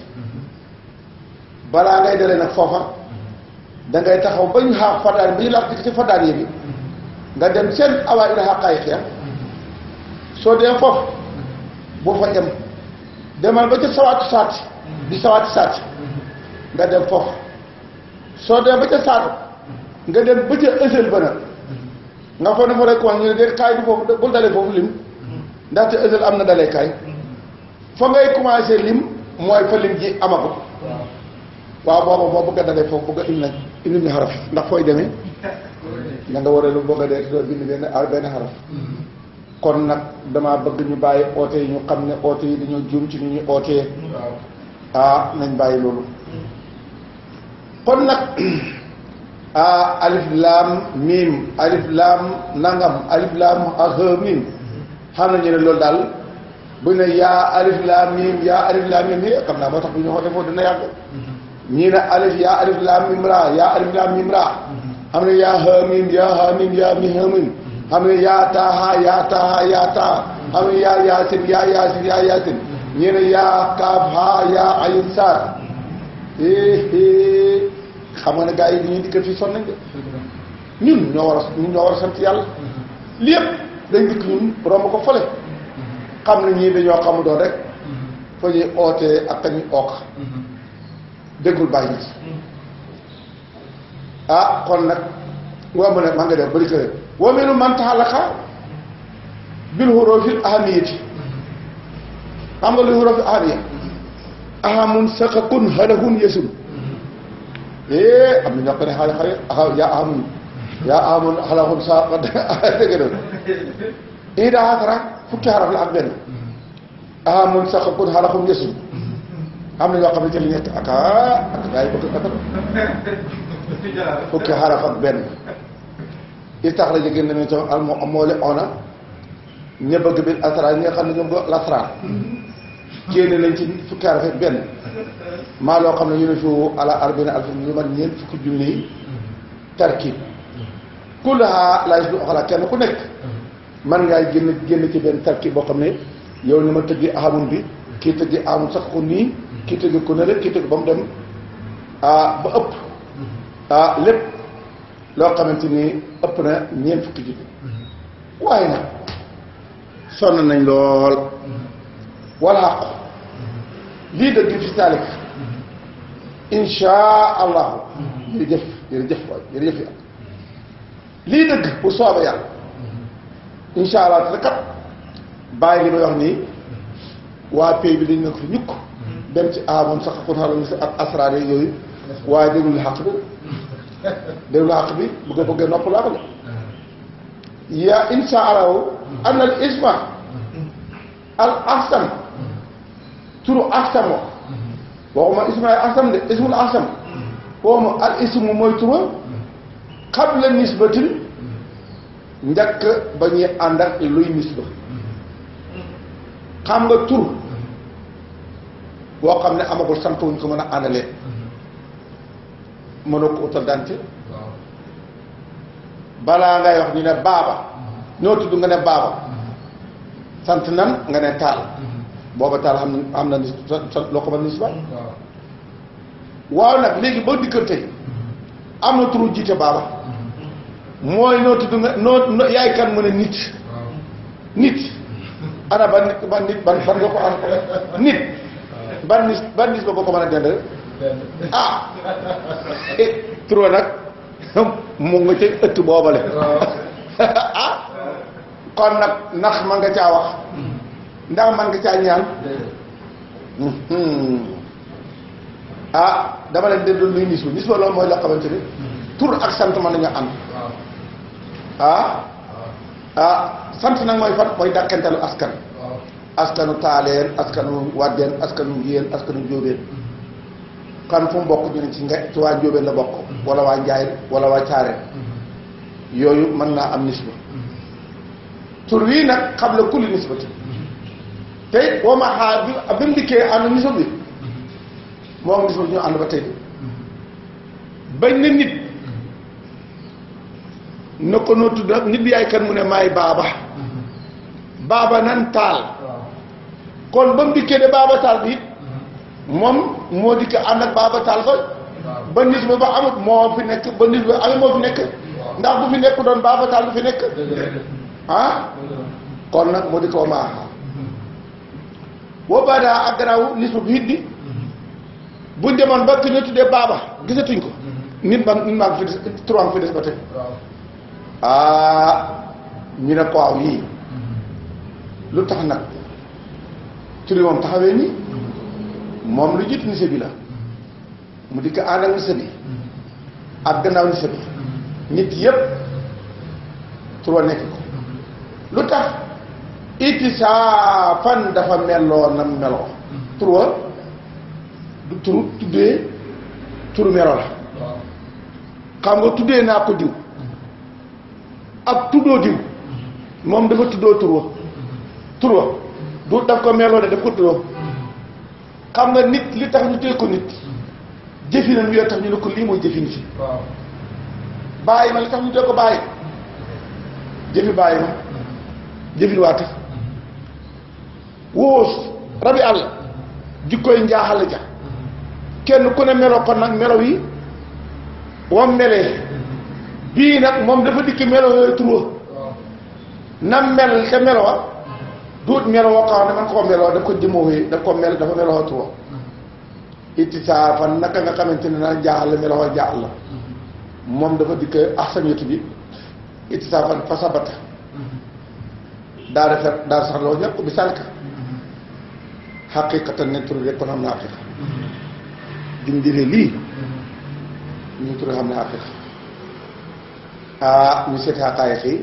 balaa ngay dale nag foofa da ngay taxaw ba ñu xaar fardaani ba ñu ci fardaani ya bi nga dem seen awaa ila xaqaayiq ya soo dee foofu boo fa dem demal ba ca sawaatu saati di sawaatu saati nga dem foofu soo dem ba ca saatu nga dem ba ca ësël ba nag nga foog ne fa rek de kaay du foofu bul dalee foofu lim ndaxte ësël am na dalee kaay fa ngay commencé lim mooy fa lim ji amagul waaw boobu boo bëgg a dalee foofu bëgg a indi nag indi ñu xaraf ndax fooy demee da nga war a lu bëgg a dee doo bind benn xaraf kon nag dama bëgg ñu bàyyi oote yi ñu xam ne oote dañoo juum ci ñu ñu ootee ah, nañ bàyyi loolu kon nag ah alif laam miim alif laam nangam alif laam ak ah, miim xam nañu ne loolu daal bu ne yaa alif laam miim yaa alif laam miim yi eh, xam naa moo tax bu ñu xoolee foofu dina yàgg ñii ne alif yaa alif miim raa yaa alif miim raa mm-hmm. xam ne yaa miim yaa miim yaa miim xam ne yaa taaha yaa taaha yaa taaha xam ne yaa yaasin yaa yaasin yaa yaasin ñu ne yaa kaaf haa yaa ayin saar xam nga ne gars yi ñuy dikkat fii sonn nañ de ñun ñoo war a ñun ñoo war a sant yàlla li yëpp dañ dikk ñun romb ko fële xam ne ñii dañoo xamu doon rek fa ñuy ootee ak kañu ooka déggul bàyyi ah kon nag nga mën a maa ngi def bari kër ومن من تعلق بالحروف الأهمية أما الحروف الأهمية أهم سقق هله يسم إيه أمي نقر حالك يا أهم يا أهم هله سقق هذا كده إيه ده هكرا فك حرف الأقبال أهم سقق هله يسم أمي نقر حالك يا أهم يا أهم هله سقق هذا كده إيه ده هكرا فك حرف الأقبال أهم سقق هله يسم أمي نقر حالك يا أهم يا أهم هله سقق هذا كده إيه ده هكرا فك حرف الأقبال istaxraja génn nañu ca al moo li ona ña bëgg bi asrar ñi nga xam ne ñoom ko lasrar génn nañ ci fukki araf ak benn maa loo xam ne ñu ne fi ala arbina alf lu mat ñeent fukki junni tarkib kullaha laa yusbihu uxraa kenn ku nekk man ngaa génn génn ci benn tarkib boo xam ne yow ni ma tëggee amun bi kii tëggee amun sax ko nii kii tëggee ko ne rek kii tëgg ba mu dem ah, ba ëpp ah lépp loo xamante ni ëpp na ñeent fukki junni waaye nag sonn nañ lool wala xaqu lii dëgg fi taalik insha allahu jërëjëf jërëjëf waay jërëjëf yàlla lii dëgg bu soobee yàlla insha allah te kat bàyyi li may wax nii waa pay bi dañ na ko fi ñukk dem ci amoon sax xun xaral si ak asraar yooyu waaye bi déglu àq bi bu nga bëggee nopp laax la yaa insa araw an al isma al ahsam turu ahsam wax waxuma isma ahsam de ismul ahsam waxuma al ismu mooy tura qabla nisbatin njëkk ba ñuy ànd luy nisba xam nga tur boo ne amagul sant wuñ ko mën a àndalee mënoo ko utal dante balaa ngay wax ñu ne baaba ñoo mm-hmm. tudd nga ne baaba mm-hmm. sant nan nga ne taal mm-hmm. booba taal xam am na ni loo ko mën ni suba waaw nag léegi boo dikkante am na turu jiite baaba mooy noo tudd nga noo yaay kan mu ne nit nit ana ban ban nit ban fan nga ko am nit ban nis ban nis ba boo ko man a dend ah trop nag mu nga ci ëtt boobale ah kon nak ndax man nga caa wax hmm. ndax man nga caa ñaan hmm. hmm. ah dama leen di dund nisu nisu loolu mooy loo xamante ni tur ak sant mën nañu am ah ah, ah. ah sant nag mooy fan mooy dàkkantelu askan ah. askanu taaleen askanu waddeen askanu ngiyeen askanu jóobeen kan fu mu bokk ñu ne ci nga ci waa Njóobeen la bokk mm-hmm. wala waa Njaay wala waa Caareen mm-hmm. yooyu mën naa am nisba mm-hmm. tur wii nag xam la kulli nisbati tey boo ma bi bi mu dikkee nit na ko noo tudd nit yaay kan mu ne maay baaba baaba nan taal kon ba mu dikkee de baaba taal bi moom moo dikk ànd ak baaba taal ko ba nit ba ba amut moo fi nekk ba nit ba amut moo fi nekk ndax bu fi nekk doon baaba taal bu fi nekk ah kon nag moo dikk wa maaha boo baadaa ak gannaaw nit ba bu hiddi buñ demoon ba ki ñu tuddee baaba gisatuñ ko nit ba nit maa fi des trois fi des ba tey ah ñu ne ko waaw yii lu tax nag ci moom taxawee nii moom lu jiitu nise bi la mu dikk ànd ak nise bi ak gannaaw nise bi nit yépp trois nekk ko lu tax itisaafan dafa meloo na meloo trois du turu tuddee turu meloo la xam nga tuddee naa ko diw ak tuddoo diw moom dafa tuddoo turwa turwa du daf ko meloo de daf ko tuddoo xam nga nit li tax ñu teel ko nit jëfinam yoo tax ñu ne ko lii mooy jëfin fi bàyyi ma li tax ñu teel ko bàyyi jëfi bàyyi ma jëfin waa tax wóos rabi àll jikkoy njaaxal ja kenn ku ne melo ko nag melo yi wam melee bii nag moom dafa dikk melo yooyu turó na mel te melowa duut melo woo xam ne man koo meloo daf ko jëmowee daf ko mel dafa meloo tuwa ittisaafan naka nga xamante ne naa jaaxal la meloo jaaxal la moom dafa dikk ahsaniyatu bi ittisaafan fa sabata daa rafet daa sax loo ñàkk bi sànq xaqiqatan ne tur kon xam naa xaqiqa jum jëlee lii ñu tur xam naa xaqiqa ah ñu seet xaqaayiq yi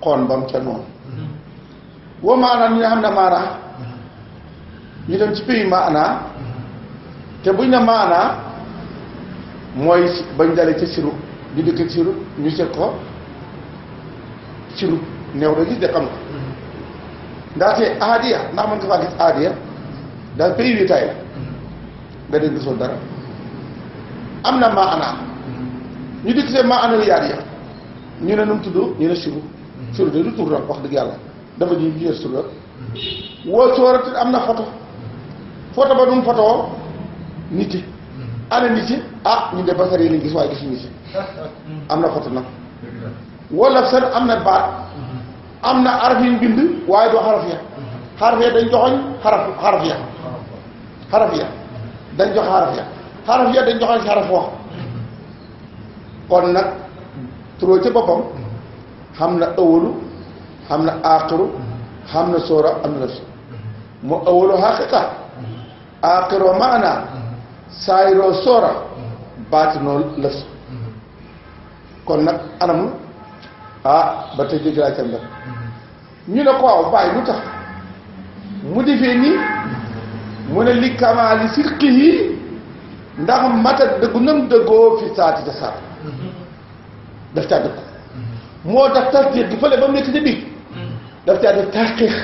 xoon bam ca noonu woo maanaa ñu ne xam ne maanaa ñu dem ci pays maanaa te buñ ne maanaa mooy bañ dalee ca siru ñu dëkk siru ñu seet ko siru neew da gis de xam ko ndax mën nga faa gis aadiya daal pays wi tay nga dégg gisul dara am na maanaa ñu dëkk see maanaa yaar ya ñu ne nu mu tudd ñu ne siru siru de du tur nag wax dëgg yàlla dafa di liir suga woo soorati am na photo photo ba nun photo nit yi ana nit yi ah ñu de basar yi lañ gis waaye gisuñu si am na photo nag wala bind waaye doo xaraf ya xaraf dañ jox xaraf ya dañ joxoñ si xaraf nag turoo ca boppam xam na ëwalu am na aaxiru xam na sóora am na nafsi mu awalu xaqiqa aaxiroo maana saayiroo sóora baatinoo lafsi kon nag anam ah ba tey jéggi laa cam ñu ne ko waaw bàyyi lu tax mu defee nii mu ne li kamaali sirqi yi ndax mata dëggu nam dëggoo fi saati da saat daf caa dëgg moo tax tasdiq gi fële ba mu nekk ca biir daf caa def taxqiq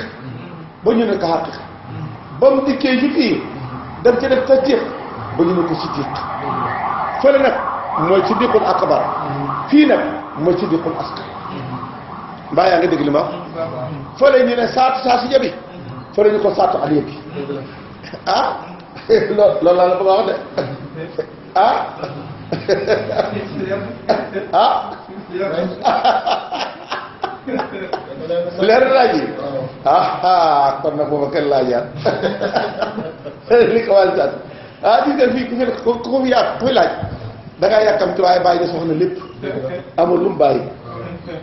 ba ñu ne ko xaqiq ba mu dikkee ji fii daf ca def tasdiq ba ñu ne ko siddiq fële nag mooy siddiqul akbar fii nag mooy siddiqul asqar mbaa yaa ngi dégg li ma fële ñu ne saatu saa si jabi fële ñu ko saatu aliya bi ah loolu loolu laa la bëgg a wax de ah ah leer laaj yi ah, ah kon nag booba kenn laajaat li ko wàllu ah, nga fii ku fi ku ku yàq kuy laaj da ngaa yàkkamti waaye bàyyi de soxna lépp amul lu mu bàyyi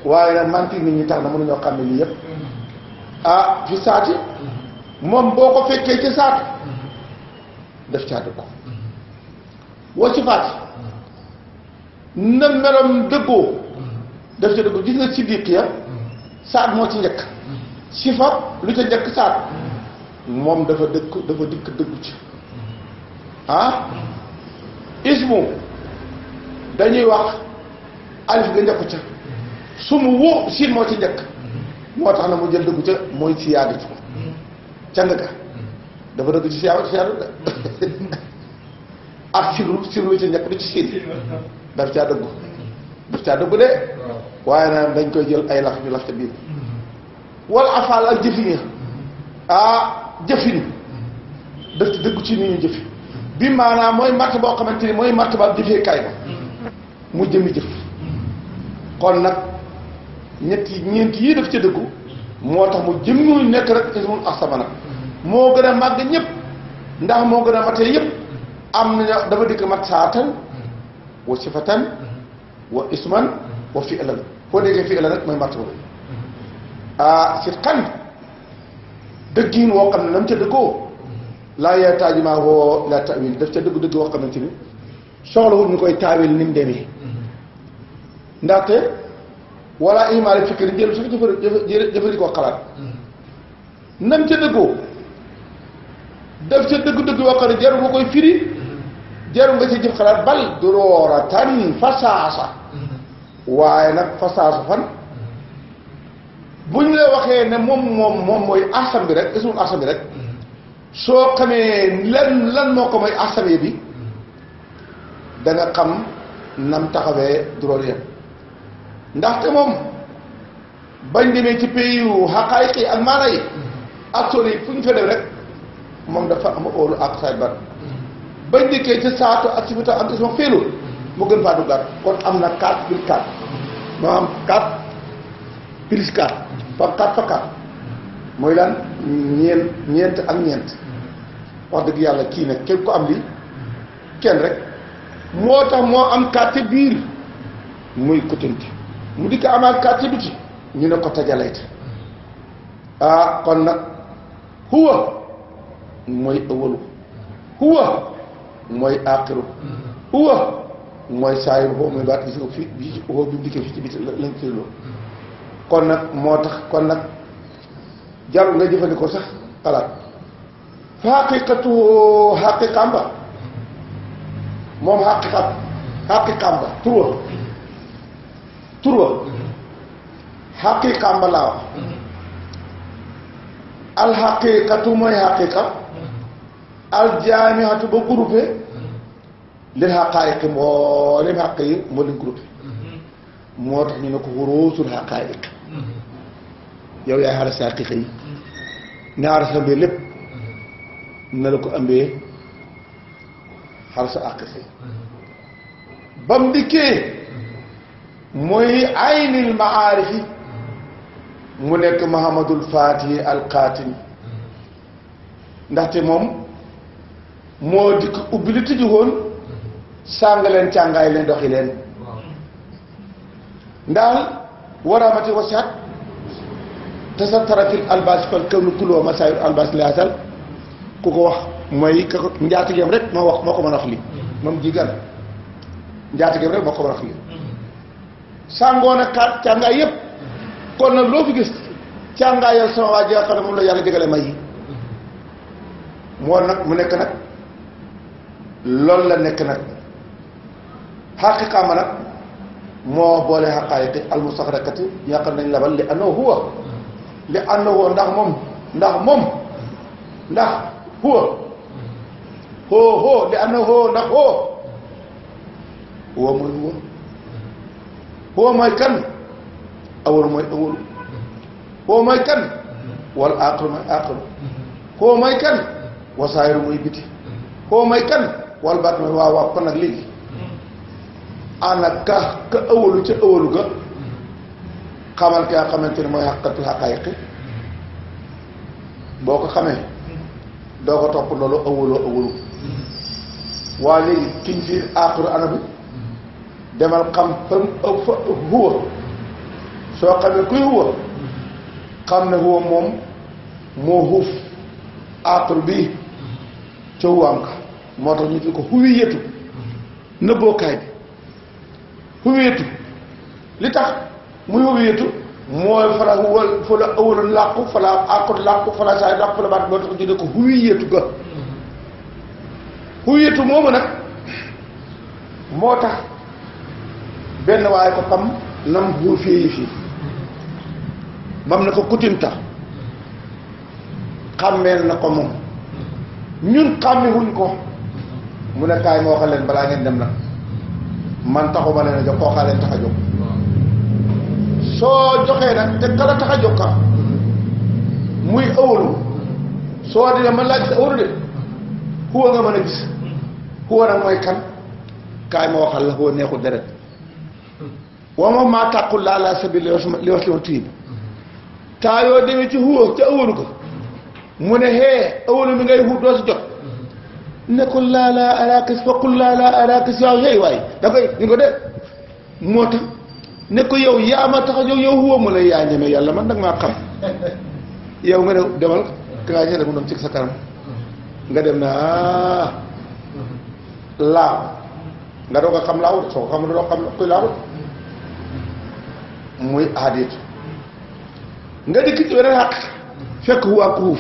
waaye nag nit ñi tax na mënuñoo xam ne lii yëpp ah fi saati moom boo ko fekkee ci saati def caa dëgg ko wa na meloom dëggoo def ca dëggoo gis nga siddiq ya saat moo ci njëkk sifa lu ca njëkk saat moom dafa dëkk dafa dikk dëggu ci ah ismu dañuy wax alif ga njëkku ca su mu wóo siin moo ci njëkk moo tax na mu jël dëggu ca mooy siyaada ci cang ka dafa dëgg ci siyaada siyaada ak siru siru ci njëkk du ci siin daf caa dëggu daf caa dëggu de waaye nag dañ koy jël ay lax ñu lax ca biir wala afaal ak jëfin ya ah jëfin dëkk dëkku ci ni ñu jëfi bi maanaam mooy matt boo xamante ni mooy mart ba jëfee kaay ba mu jëmi jëf kon nag ñett yi ñeent yii daf ca dëggu moo tax mu jëmmuñu nekk rek ismul asama nag moo gën a màgg ñëpp ndax moo gën a mate yëpp am na dafa dikk mat saatan wa sifatan wa isman wa fi'lan foo déggee fi'lan rek mooy martaba bi mm-hmm. ah si xan dëggiin woo xam ne nam ca dëggoo laa yataaju maa woo la tawil daf ca dëgg-dëgg woo xamante ni soxlawul ñu koy taawil ni mu demee mm-hmm. ndaxte wala imaale fikri jël su jëfandikoo xalaat mm-hmm. nam ca dëggoo daf ca dëgg-dëgg woo xam ne jarul nga koy firi jarul nga ci jëf xalaat bal duroorataan fasaasa waaye nag fasaasu fan bu ñu la waxee ne moom moom moom mooy ahsam bi rek ismul ahsam bi rek soo xamee lan lan moo ko mooy ahsam bi da xam nam taxawee duróol yam ndaxte moom bañ demee ci pays yu xaqaayiq yi ak maana yi ak yi fu ñu fa dem rek moom dafa am óolu ak say bat mm. bañ dikkee ci saatu ak si ak isma féelul mu gën faa duggaat kon am na 4 plus 4 maanaam 4 plus 4 par 4 par 4 mooy lan ñeent ñeent ak ñeent wax dëgg yàlla kii nag képp ko am li kenn rek moo tax moo am 4 ci biir muy kutanti mu di ko amaat ci biti ñu ne ko tajalayte ah kon nag huwa mooy ëwalu huwa mooy aaxiru huwa mooy saa yu boobu mooy baat bi si ëpp fii bi ci ëpp bi mu dikkee fii ci biti lañ firloo kon nag moo tax kon nag jarul nga jëfandikoo sax xalaat fa xaqiqatu xaqiqam moom xaqiqam xaqiqam ba turwa turwa laa wax alxaqiqatu mooy xaqiqa aljaamihatu ba groupé lil xaqaayiq mboolem xaq yi moo leen groupé moo tax ñu ne ko wuruusul xaqaayiq yow yaay xaaral sa xaqiiqa sa ambee lépp na la ko ambee xaaral sa xaqiiqa yi ba mu dikkee mooy aynil mu nekk Mahamadul Faatihi al Qaatimi ndaxte moom moo dikk ubbi li tëju sàng leen càngaay leen doxi leen ndaal waraamati wasiat tasattara fil albas fal kawnu kuloo masaayil albas la asal ku ko wax mooy ka ko njaatigéem rek moo wax moo ko mën a wax li moom jigal njaatigéem rek moo ko mën a wax li sàngoon ak kaat càngaay yépp kon nag loo fi gis càngaayal sama waa ji nga moom la yàlla jëgale may moo nag mu nekk nag loolu la nekk nag xaqiqa ma nag moo boole xaqaayiqi almustaxrakati ñi nga xam nañ labal li annahu huwa li annahu ndax moom ndax moom ndax huwa hoo hoo li annahu ndax hoo huwa mooy huwa huwa mooy kan awal mooy awal huwa mooy kan wal aql mooy aql huwa mooy kan wasaayiru mooy biti huwa mooy kan wal baat mooy waaw waaw kon nag léegi ànd ak ka ka ëwalu ca ëwalu ga xamal ki nga xamante ni mooy xaqatul xaqaayiqi boo ko xamee doo ko topp loolu ëwaloo ëwalu waa léegi kiñ fi aaxiru ana bi demal xam huwa soo xamee kuy huwa xam ne huwa moom moo huuf aaxiru bii ca huwaam moo tax ñu fi ko huwiyatu nëbbookaay bi fu li tax muy wéetu mooy fala wal fala awalul làqu fala àqut làqu fala saay làqu fala baat moo tax ñu ko huwiyeetu ga huwiyeetu moomu nag moo tax benn waaye ko xam nam buur fii fii bam na ko kutinta xàmmeel na ko moom ñun xàmmewuñ ko mu ne moo xam balaa ngeen dem nag man taxuma leen a jóg koo xaaleen tax a jóg soo joxee nag te kala tax a jóg ka muy awalu soo dina mën laa gis awalu de xuwa nga mën a gis xuwa nag mooy kan kaay ma waxal la xuwa neexul deret wa moom maa tàqul laa laa sabi li was li tiib taa yoo demee ci xuwa ca awalu ko mu ne xee awalu mi ngay xut doo si jot ne ko laa laa arakis fa qul laa laa arakis waaw hey waay da koy ñu ko def moo tax ne ko yow yaa ma tax a jóg yow woo ma la yaa ñeme yàlla man nag maa xam yow nga ne demal kaa ñe mu dem naa ah, laaw nga laaw soo ko xam doo xam kuy laaw muy aaditu nga dikk ci beneen xaq fekk waa kuuf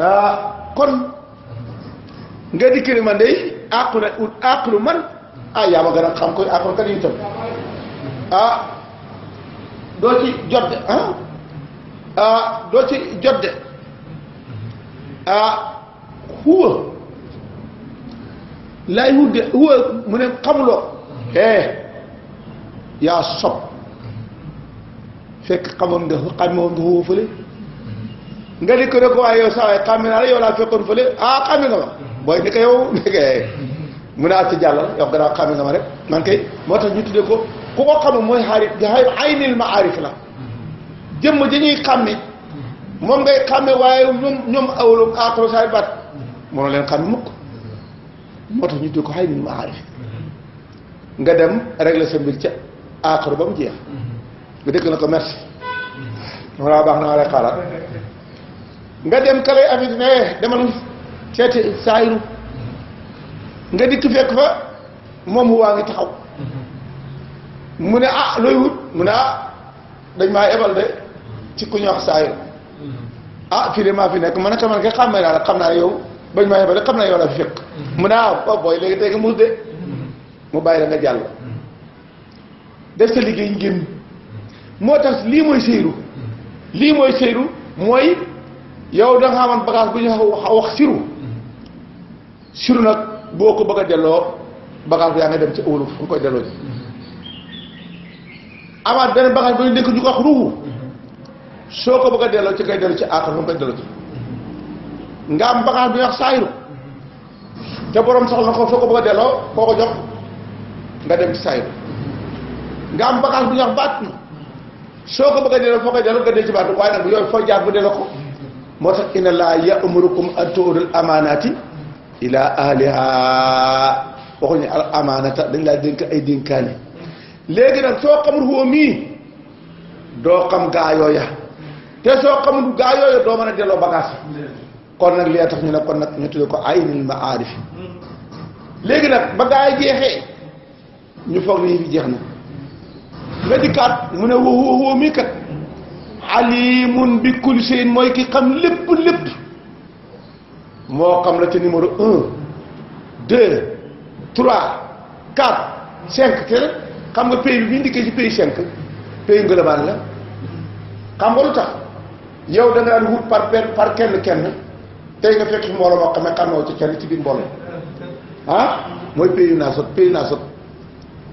Ah, kon nga dikk ni man day àqu na àqu man ah yaa ma gën a xam koy àqu kat itam ah doo ci jot de ah ah doo ci jot de ah huwa laay wudde huwa mu ne xamuloo eh yaa sob fekk xamoon nga xamoon nga huwa fële nga dikk ne ko waaye ah, yow saa waay xàmme naa la yow laa fekkoon fële ah xàmme nga ma booy ni ko yow mun a ci jàllal yow ah, gannaaw xàmme nga ma rek man kay moo tax ñu tuddee ko ko xamul mooy xaarif di xaarif aynil maarif la jëmm ji ñuy xàmme moom ngay xàmme waaye ñoom ñoom awlu aaxaru saay baat mënoo leen xàmme mukk moo tax ñu tuddee ko aynil maarif nga dem régler sa mbir ca aaxaru ba mu jeex nga dëkk na ko merci. voilà baax na ma lay xaaraat. nga dem ka lay avis ne demal seeti saayiru nga dikk fekk fa moom waa ngi taxaw mu ne ah looy wut mu ne ah dañ maa ebal de ci ku ñuy wax saayiru ah fii de maa fi nekk man ak man kay xàmmee naa la xam naa yow bañ maa ebal de xam naa yow la fi fekk mu ne ah waaw léegi tey nga muus de mu bàyyi la jàll def sa liggéey ngénn moo tax lii mooy séyru lii mooy séyru mooy yow ya da nga man bagage bu ñu ya, wax siru siru nak boko bëgg a bagage ya nga dem ci awlu fu koy delloo ama amaat bagage bu ñu dekk ñu ko wax ruuhu soo bëgg a ci kay dem ci aaxar fu koy delloo ci nga am bagage bu wax sayru te borom soxla ko soko bëgg a delloo jox nga dem ci sayru nga am bagage bu ñu wax batti soko bëgg a foko foo ga dem ci batti way nak bu yoy foo jaar bu delloo ko moo tax inna laa ya'murukum an tu'dul amaanaati ilaa ahlihaa waxuñu al amaanata dañ laa dénk ay dénkaane léegi nag soo xamul huwa mii doo xam gaa yooya te soo xamul gaa doo mën a delloo bagage kon nag lee tax ñu ne kon nag ñu ko aynul maarif léegi nag ba gaa yi jeexee nii fi jeex na nga dikkaat mu huwa huwa mii kat alimun bi kulli mooy ki xam lépp lépp moo xam la ca numéro un deux trois quatre cinq te xam nga pays bi bi ñu dikkee ci cinq pays ngëlëmaan la xam nga lu tax yow da daan wut par per par kenn kenn tey nga fekk fi mbooloo moo xam ne xamoo ci kenn ci biir mbooloo ah mooy pays yu naa sot pays yu naa sot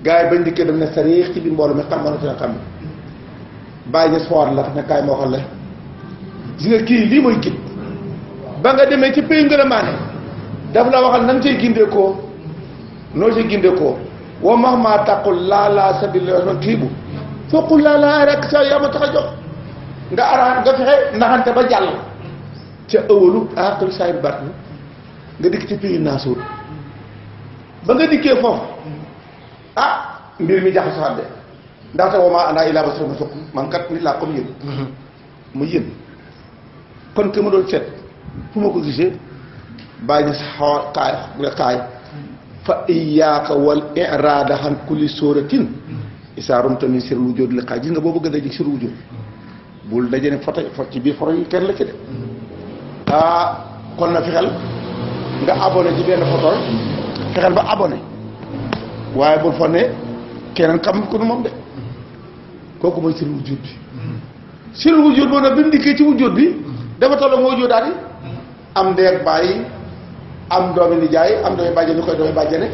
gars yi ne ci biir mbooloo mi xam nga lu tax xam bàyyi ñu foor la ne kaay moo xam la gis nga kii lii mooy git ba nga demee ci pays ngërëmaane daf la waxal na nga cay gindeekoo noo cay gindeekoo wa max maa taqul laalaa sabila yoo xam tiibu foqul laalaa rek sa yaa a tax a jox nga araan nga fexe naxante ba jàll ca ëwalu aqil saayir bat nga dikk ci pays naasuur ba nga dikkee foofu ah mbir mi jaxasoo de ndaxte wa ma andaa illaa basharun mislukum man kat nit laa comme yéen. Mhm. mu yéen kon ki ma doon seet fu ma ko gisee bàyyi na xaw kaay fa iyyaaka wal i'raada an kulli sóoratin isaa rumta min sirri wujuud li kaay gis nga boobu gën a ji sirri wujuud bul daje ne foto fo foto yi kenn la ci ah, na fexeel nga abonné ci benn foto fexeel ba abonné waaye bul fo ne keneen xam ko moom de kooku mooy sirul wujud bi sirul wujud boobu nag bi mu dikkee ci wujud bi dafa toll moo wujud daal am ndeeg bàyyi am doomi nijaay am doomi bàjjen yu koy doomi bàjjene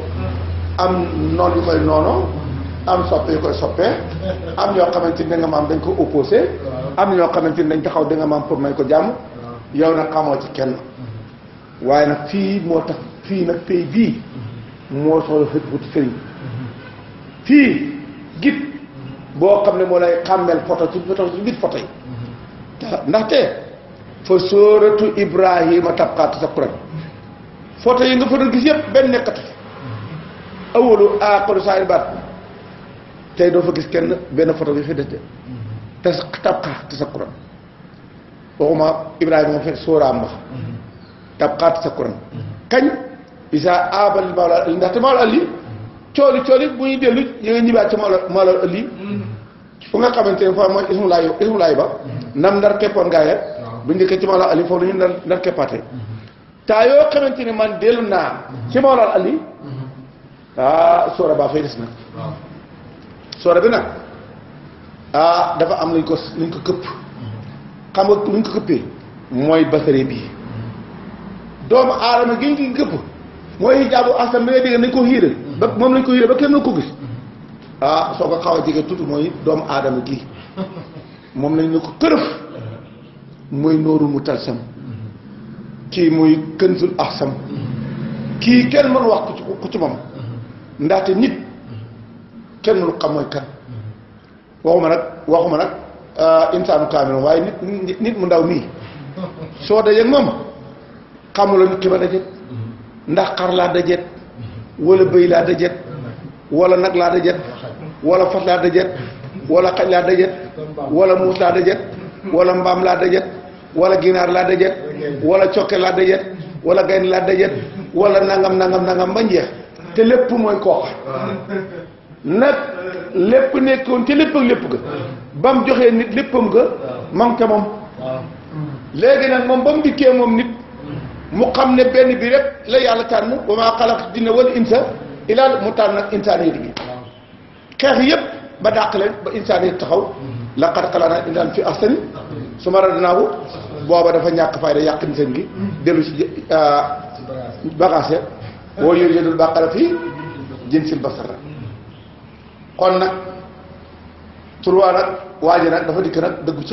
am noon yu koy noono am soppe yu koy soppe am ñoo xamante ni da nga dañ ko opposé am ñoo xamante ni dañ taxaw da nga maam pour may ko jàmm yow na xamoo ci kenn waaye nag fii moo tax fii nag tey bii moo soxla fekk wut sëriñ fii git boo xam ne moo lay xàmmeel photo ci biir photo yi ndaxte fa sóoratu ibrahima tabqaat sa kuran photo yi nga fa gis yëpp benn nekkatu awalu aaxiru saari baat tey doo fa gis kenn benn photo bi fi des de te tabqaat sa kuran waxuma ibrahima fa sóoraam ba mm-hmm. tabqaat sa kuran kañ isa abal mawla ali ndaxte mawla ali cooli cooli bu ñuy dellu ñu ngi ñibbaat ci molo molo lii fu nga xamante ne foofu mooy ismu laay ismu laay ba nam ndar keppoon bu njëkkee ci mawlal ali foofu la ñu ndar taa yoo xamante ni man dellu naa ci mawlal ali ah baa fay des nag soora bi nag ah dafa am nañ ko luñ ko këpp xam nga luñ ko këppee mooy basare bii doomu aadama gi ñu ngi këpp mooy hijaabu asam bi nga dégg nañ ko xiiral ba moom lañ ko yére ba kenn ko gis ah soo ko xaw a jege tutu mooy doomu aadama gi moom lañ ne ko kërëf mooy nooru mu talsam kii muy kënsul ahsam kii kenn mënu wax ku ci moom ndaxte nit kenn lu xam mooy kan waxuma nag waxuma nag ah, insaanu kaamil waaye nit nit mu ndaw nii soo dajee moom xamuloo nit ki ba dajeet ndax xar laa dajeet wala bëy laa dajet wala nag laa dajet wala fas laa dajet wala xaj laa dajet wala muus laa dajet wala mbaam laa dajet wala ginaar laa dajet wala cokke laa dajet wala gaynde laa dajet wala nangam nangam nangam ba njeex te lépp mooy kooka nag lépp nekkoon te lépp lépp ga ba joxee nit léppam ga man ca moom léegi nag moom ba mu moom nit mu xam ne benn bi rek la yàlla tànn wa maa xalaqtu jinna wal insa ilaa mu tànn nag insaan yi liggéey xeex yëpp ba dàq ba insaan yi taxaw laqad xalaqnaa insaan fi ahsani summa radadnaahu booba dafa ñàkk fayda yàq insaan gi dellu si ah, bagaase woo yooyu yëdul bàqara fii jinsil kon nag turwaa nag waaji nag dafa dikk nag dëggu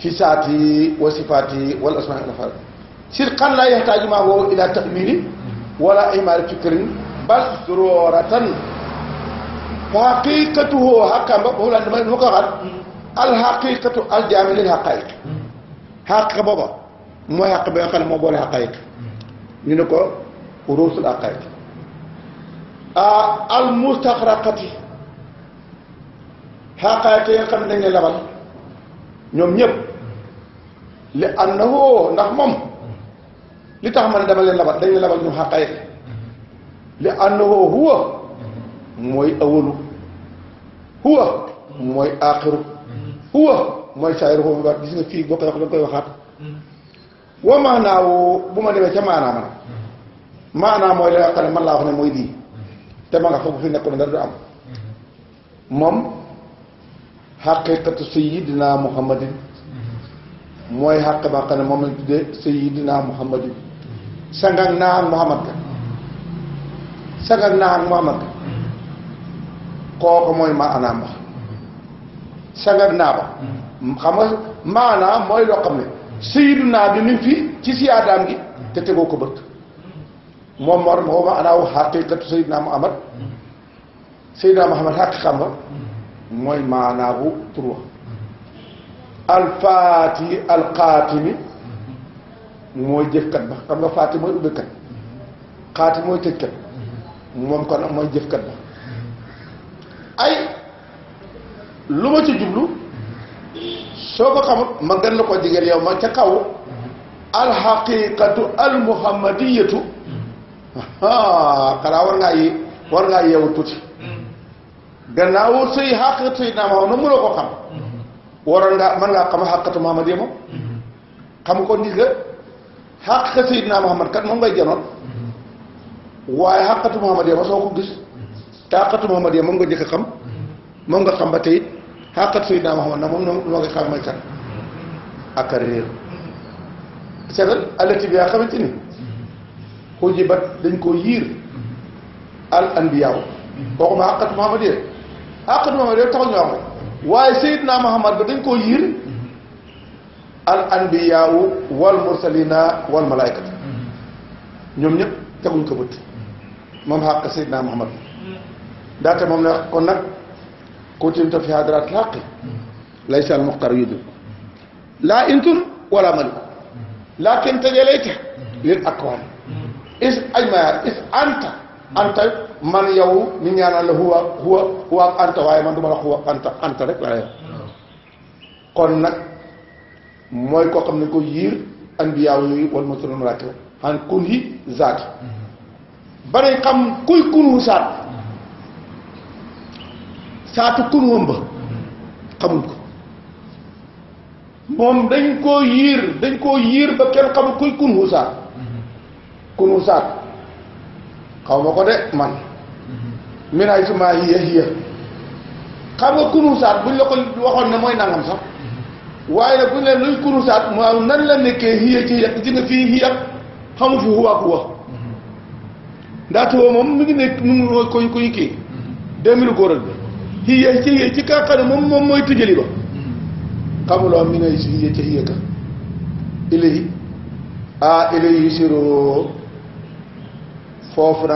fi saati wa sifaati sirqan la yahtaju ma huwa ila tahmili wala imari fikrin bal dororatan ko haqiqatuhu hakkamba holande mani foka xat al haqiqatu al jami lil haqaiq xaq booba mooy xaq moo boole haqaiq ñu ne ko ruusul haqaiq al mustaxraqati xaqaiq yi nga ne dañ labal ñoom ñëpp li ndax moom li tax ma ne dama leen labal dañ la labal ñu xaqaayiq li annahu huwa mooy awalu huwa mooy aaxiru huwa mooy saayiru foofu ba gis nga fii boo wax da nga koy waxaat wa maanaawu bu ma demee ca maanaa man maanaa mooy la xam ne man laa wax ne mooy lii te ma nga foog fi nekkoon dara du am moom xaqiqatu sayidina muhammadin mooy xaq ba xam ne moom lañ sangak naa Muhammad ka sangak naa Muhammad ka kooku mooy maanaam ba sangak naa ba xam nga maanaam mooy loo xam ne sayidu naa bi fi ci siyaadaam gi te tegoo ko bët moom moo moo ma anaaw xaqiqatu sayidna Muhammad sayidna Muhammad xaqiqa ba mooy maanaabu turwa alfaati alxaatimi mooy jëfkat ba xam nga faati mooy ubbikat xaati mooy tëjkat moom kon mooy jëfkat ba ay lu ma ci jublu soo ko xamut ma gën la ko digal yow ma ca kaw alxaqiqatu almuhammadiyatu xanaa war ngaa yi war ngaa yeewu tuuti gannaaw suy xaqiqatu Seydina Muhammad na mënoo ko xam waroon ngaa mën ngaa xam xaqiqatu Muhammadiya moom xam ko nit la xàq Seydina Muhammad kat moom ngay janoon waaye xàqatu Muhammad ya ma soo ko gis te xàqatu Muhammad ya moom nga njëkk a xam moom nga xam ba tey xàqatu Seydina Muhammad nag moom noo ngi xam may kat a réer seetal alati bi yaa xamante ni xujibat dañ koo yiir al anbiyaaw waxuma xàqatu Muhammad ya xàqatu Muhammad ya taxul ñu wax waaye Seydina Muhammad ba dañ koo yiir al anbiyaawu wal mursalina wal malaayikatu ñoom ñëpp teguñ ko bët moom xàq Seydina Muhammad daate moom la kon nag continuité fi hadrat xàq laysa al muxtar yudu laa intun wala malik laakin tajalayta lil akwaan is ajmaa is anta anta man yow mi ñaanal la huwa huwa huwa anta waaye man du ma la xuwa anta anta rek laa yow kon nag mooy koo xam ne ko yiir anbiyaaw yooyu wal ma tënoon ràkk an xam kuy kunu saat saatu kunuwam ba xamuñ ko moom dañ koo yiir dañ koo yiir ba kenn xamul kuy kunu saat kunu saat xaw ma ko de man minaay suma hiya hiya xam nga kunu saat buñ la waxoon ne mooy nangam sax waaye nag bu ñu leen luy kurusaat maanaam nan la nekkee hiya ci yàq ci nga fii hiya xamu fi huwa ak huwa ndaxte woo moom mi ngi nekk mu ngi koy koy kii góoral bi hiya ci ci kaa xam ne moom moom mooy tëjali ba xamuloo mi ngay si hiya ci hiya ka ilayi a ilayi siroo foofu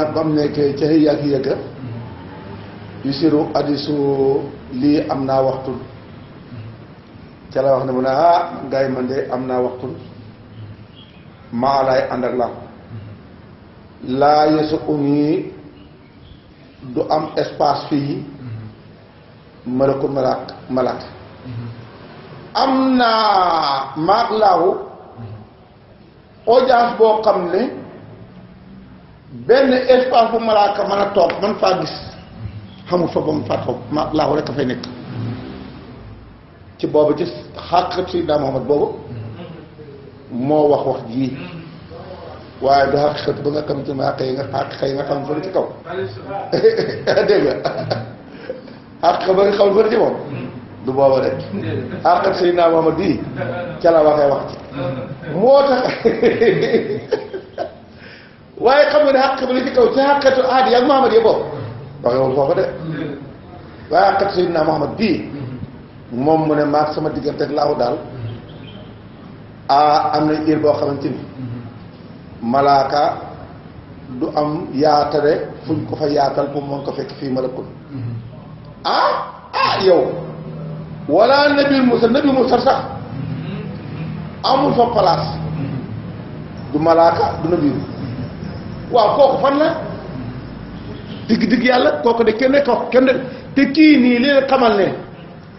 lii am naa waxtul ca la wax ne mu ne ah gars man de am naa waxtu maa laay laa yesu uni du am espace fii malakul malaak malaak am naa maag laawu audience boo xam ne benn espace bu malaaka mën a toog man faa gis xamul fa ba faa toog maag laawu rek a fay nekk ci boobu ci xàq Seydina Muhammad boobu moo wax wax jii waaye du xàq ba nga xam ci maa xëy nga xàq xëy nga xam fële ci kaw dégg nga xàq ba nga xam fële ci moom du booba rek xàq Seydina Muhammad bii ca la waxee wax ci moo tax waaye xam nga ne xàq ba li ci kaw ci xàqatu aadi ak Muhammad yi boobu waxewul foofu de waaye xàqatu Seydina Muhammad bii moom mu ne maag sama diggante ak laahu daal am na iir boo xamante ni malaaka du am yaatare fuñ ko fa yaatal pour mën ko fekk fii malakul mhm. ah ah yow wala nabi mursal nabi mursal sax amul fa place mhm. du malaaka du nabi mhm. waaw kooku fan la digg digg yàlla kooku de kenn ko kenn te kii nii li xamal ne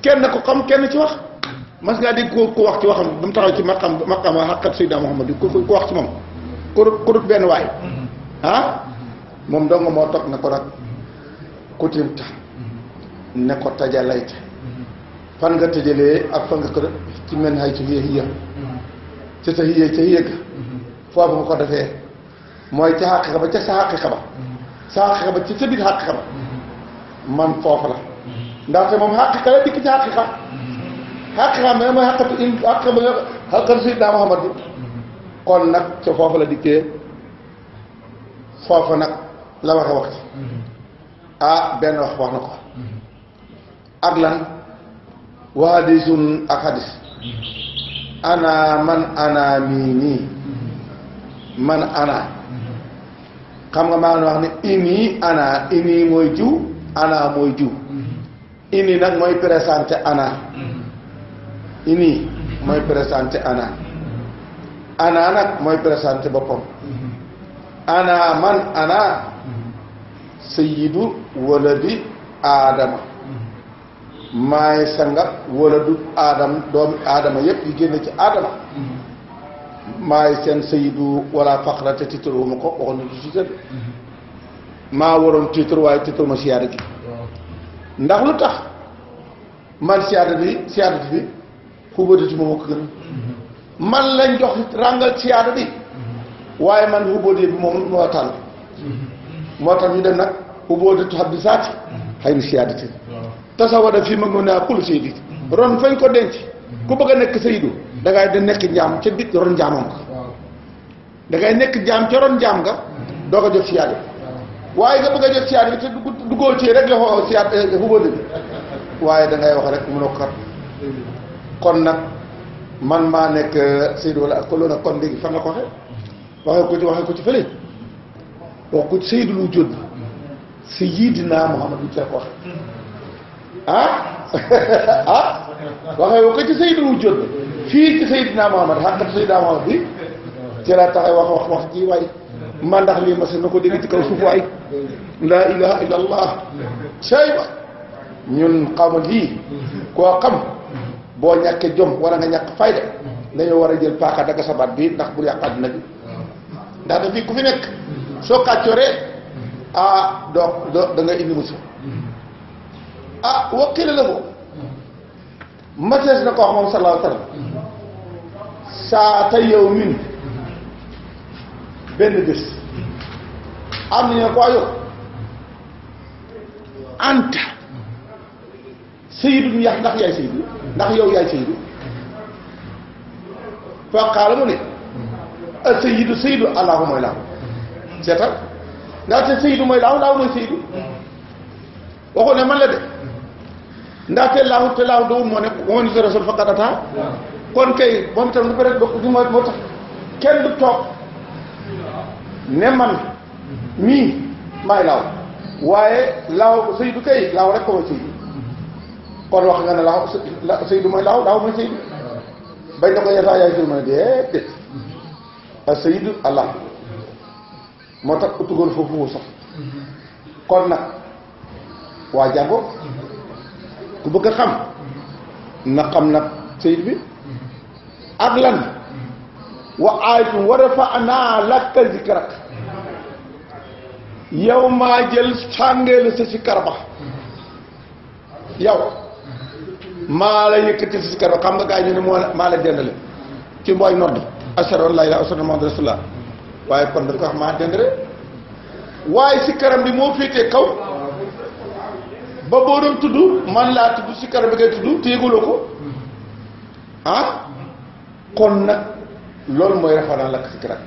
kenn ko xam kenn ci wax mas ngaa dégg ko wax ci waxam ba mu taxaw ci maqam maqam xaqat Seydina Muhammad ko ko wax ci moom ku dut benn waay mm-hmm. ah moom dong moo toog na ko rak kutimta ne ko tajalayte mm-hmm. fan nga tëjalee ak fan nga ko ci men xay ci hiya hiya mm-hmm. sa hiya ca ca xaqiqa ba ca sa xaqiqa ba sa ba ci sa biir xaqiqa ba man foofu la ndaxte moom xaqiqa la dikk ci xaqiqa xaqiqa mais mooy xaqatu in xaqiqa ba xaqatu sayidna Muhammad bi kon nag ca foofa la dikkee foofa nag la war a wax ah benn wax wax na ko ak lan wa hadisun ak hadis ana man ana mii man ana xam nga maa ngi wax ne ini ana ini mooy jiw ana mooy jiw ini nag moy présenté ana ini mooy anak, ana ana nag mooy présenté boppam ana man ana sayyidu waladi Adam, may sangat waladu adam dom adam yep yi génn ci Adam, may sen sayyidu wala faqra te titre wu ma ko waxoon na du ma maa waroon titre waaye titre ndax lu tax man siyaada bi siyaada bi xubóoti ci moom ko gën man lañ jox ràngal siyaada bi waaye man xubóoti bi moom moo tànn moo tax ñu dem nag xubóoti xam di saati xëy na siyaadati tasawada fii mag noonu naa kulu seydi ron fañ ko denc ku bëgg a nekk saydu da ngay da nekk njaam ca bit ron njaamam ko da nekk njaam ca ron nga doo ko jot siyaada waaye da bëgg a jot siyaat bi te du duggoo ci rek siyaat fu eh, bënd waaye da ngay wax rek mënoo kat kon nag man maa nekk eh, Seydou wala ak loolu nag kon léegi fan la ko waxee waxee ko ci waxee ko ci fële wax ko Seydou lu jot Seydina Muhammad bi ko waxee ah ah waxee ko ci Seydou lu jot fii ci Seydina Muhammad xàqat Seydina Muhammad bi ci la taxay wax wax wax ci maa ndax lii mas na ko dégg ci kaw suuf waay laa ilaha illa allah sey ba ñun xawma lii koo xam boo ñàkkee jom war a nga ñàkk fayda dañoo war a jël paaka dagg sa baat bi ndax bu yàq àdduna bi ndax da fii ku fi nekk soo kàccooree ah doo doo da ngay indi musu ah wakkile la ko matees na ko moom sallallahu alayhi wa sallam saa benn bés am nañu ko ayo anta sayidun yax ndax yaay yaay sayidu faqaala mu ne a sayidu sayidu allahu mooy laaw seetal ndaxte sayidu mooy laaw laaw mooy sayidu waxu ne man la de ndaxte laaw te laaw dawul moo ne moo ne sa rasul faqad ata kon kay moom itam lu pare bokk moo tax kenn du toog ne man mii maay laaw waaye laaw Seydou kay laaw rek ko ma Seydou kon wax nga ne laaw Seydou mooy laaw laaw mooy Seydou bañ na ko yeesaa yaay sir ma ne déedéet a Seydou Allah moo tax utugoon foofu mu sax kon nag waa jàngo ku bëgg a xam na xam nag Seydou bi ak lan wa aaytum wa rafa'naa laka zikrak yow maa jël sàngee la sa sikkar ba yow maa la yëkkati sa sikkar ba xam nga gaa ñu ne maa la dendale ci mbooy nodd ashhadu an laa ilaaha illallah muhammadur rasulullah waaye kon dañ ko wax maa dendale waaye sikkaram bi moo féetee kaw ba boo doon tudd man laa tudd sikkaram bi ngay tudd téeguloo ko ah kon nag loolu mooy référent lakk si kirak